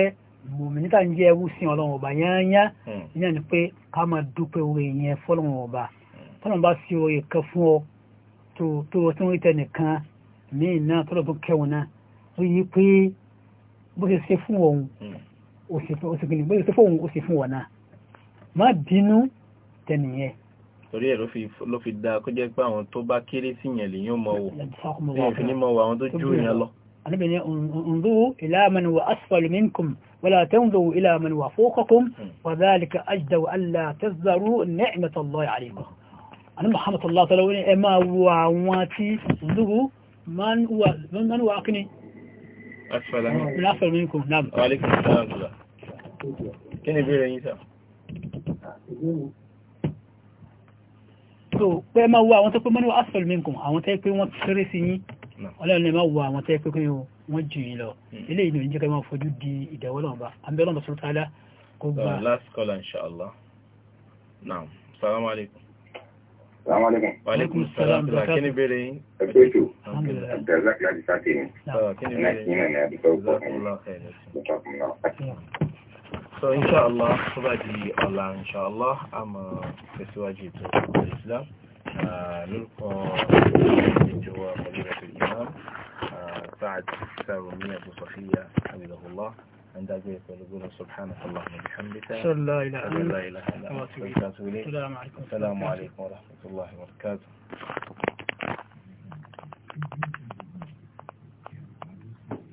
mòmìnì tá ń jẹ́ ẹrú sí ọlọ́run ọba yányá hmm. yíyá ni pé ká máa dúpẹ́ oore yẹn fọlọ́run ọba fọlọ́run hmm. bá sí oore kan fún ọ tó tó o tó ń rí tẹnìkan míì náà tọ́lọ̀ tó kẹwọn náà ó yí pé bó ṣe ṣe fún òun hmm. ó ṣe bó ṣe fún òun ó ṣe fún wọn náà má bínú tẹnìyẹn. torí ẹ ló fi dáa kó jẹ́ pé àwọn tó bá kéré sí yẹn lèyàn mọ wò lèyàn fi wò àwọn tó ju yẹn lọ. النبي انظروا إلى من هو أسفل منكم ولا تنظروا إلى من هو فوقكم وذلك أجدوا ألا تذروا نعمة الله عليكم أنا محمد الله تعالى وإن إما وعواتي انظروا من هو من هو أقني أسفل منكم من أسفل منكم نعم وعليكم السلام كيف يقول ينسى so pé máa wá àwọn tó pé أسفل منكم wọ́n asfal minkum àwọn tó pé wọ́n kéré sí ọlọ́run ẹ̀mọ́ wọ àwọn tẹ́ pínpín o wọ́n jù yín lọ ilé ìlú ìjẹ́ kẹmọ́ fojú di ìdẹ̀wọ́ lọ́wọ́ bá abẹ́lọ́nà sọ́tàlá kó gbà. Uh, last call inshallah naam salaam alaikum. salaam alaikum. wa alaikum salaam bí kí ni bèrè yín. ẹgbẹ́ ètò so inshallah tó bá ọ̀la inshallah a máa tẹ̀síwájú ètò ìsìlámù نلقى من هو فضيلة الإمام آه، سعد سعد مية صفية حمده الله عند ذلك يقولون سبحانك اللهم وبحمدك اشهد ان لا اله الا انت السلام عليكم ورحمه الله وبركاته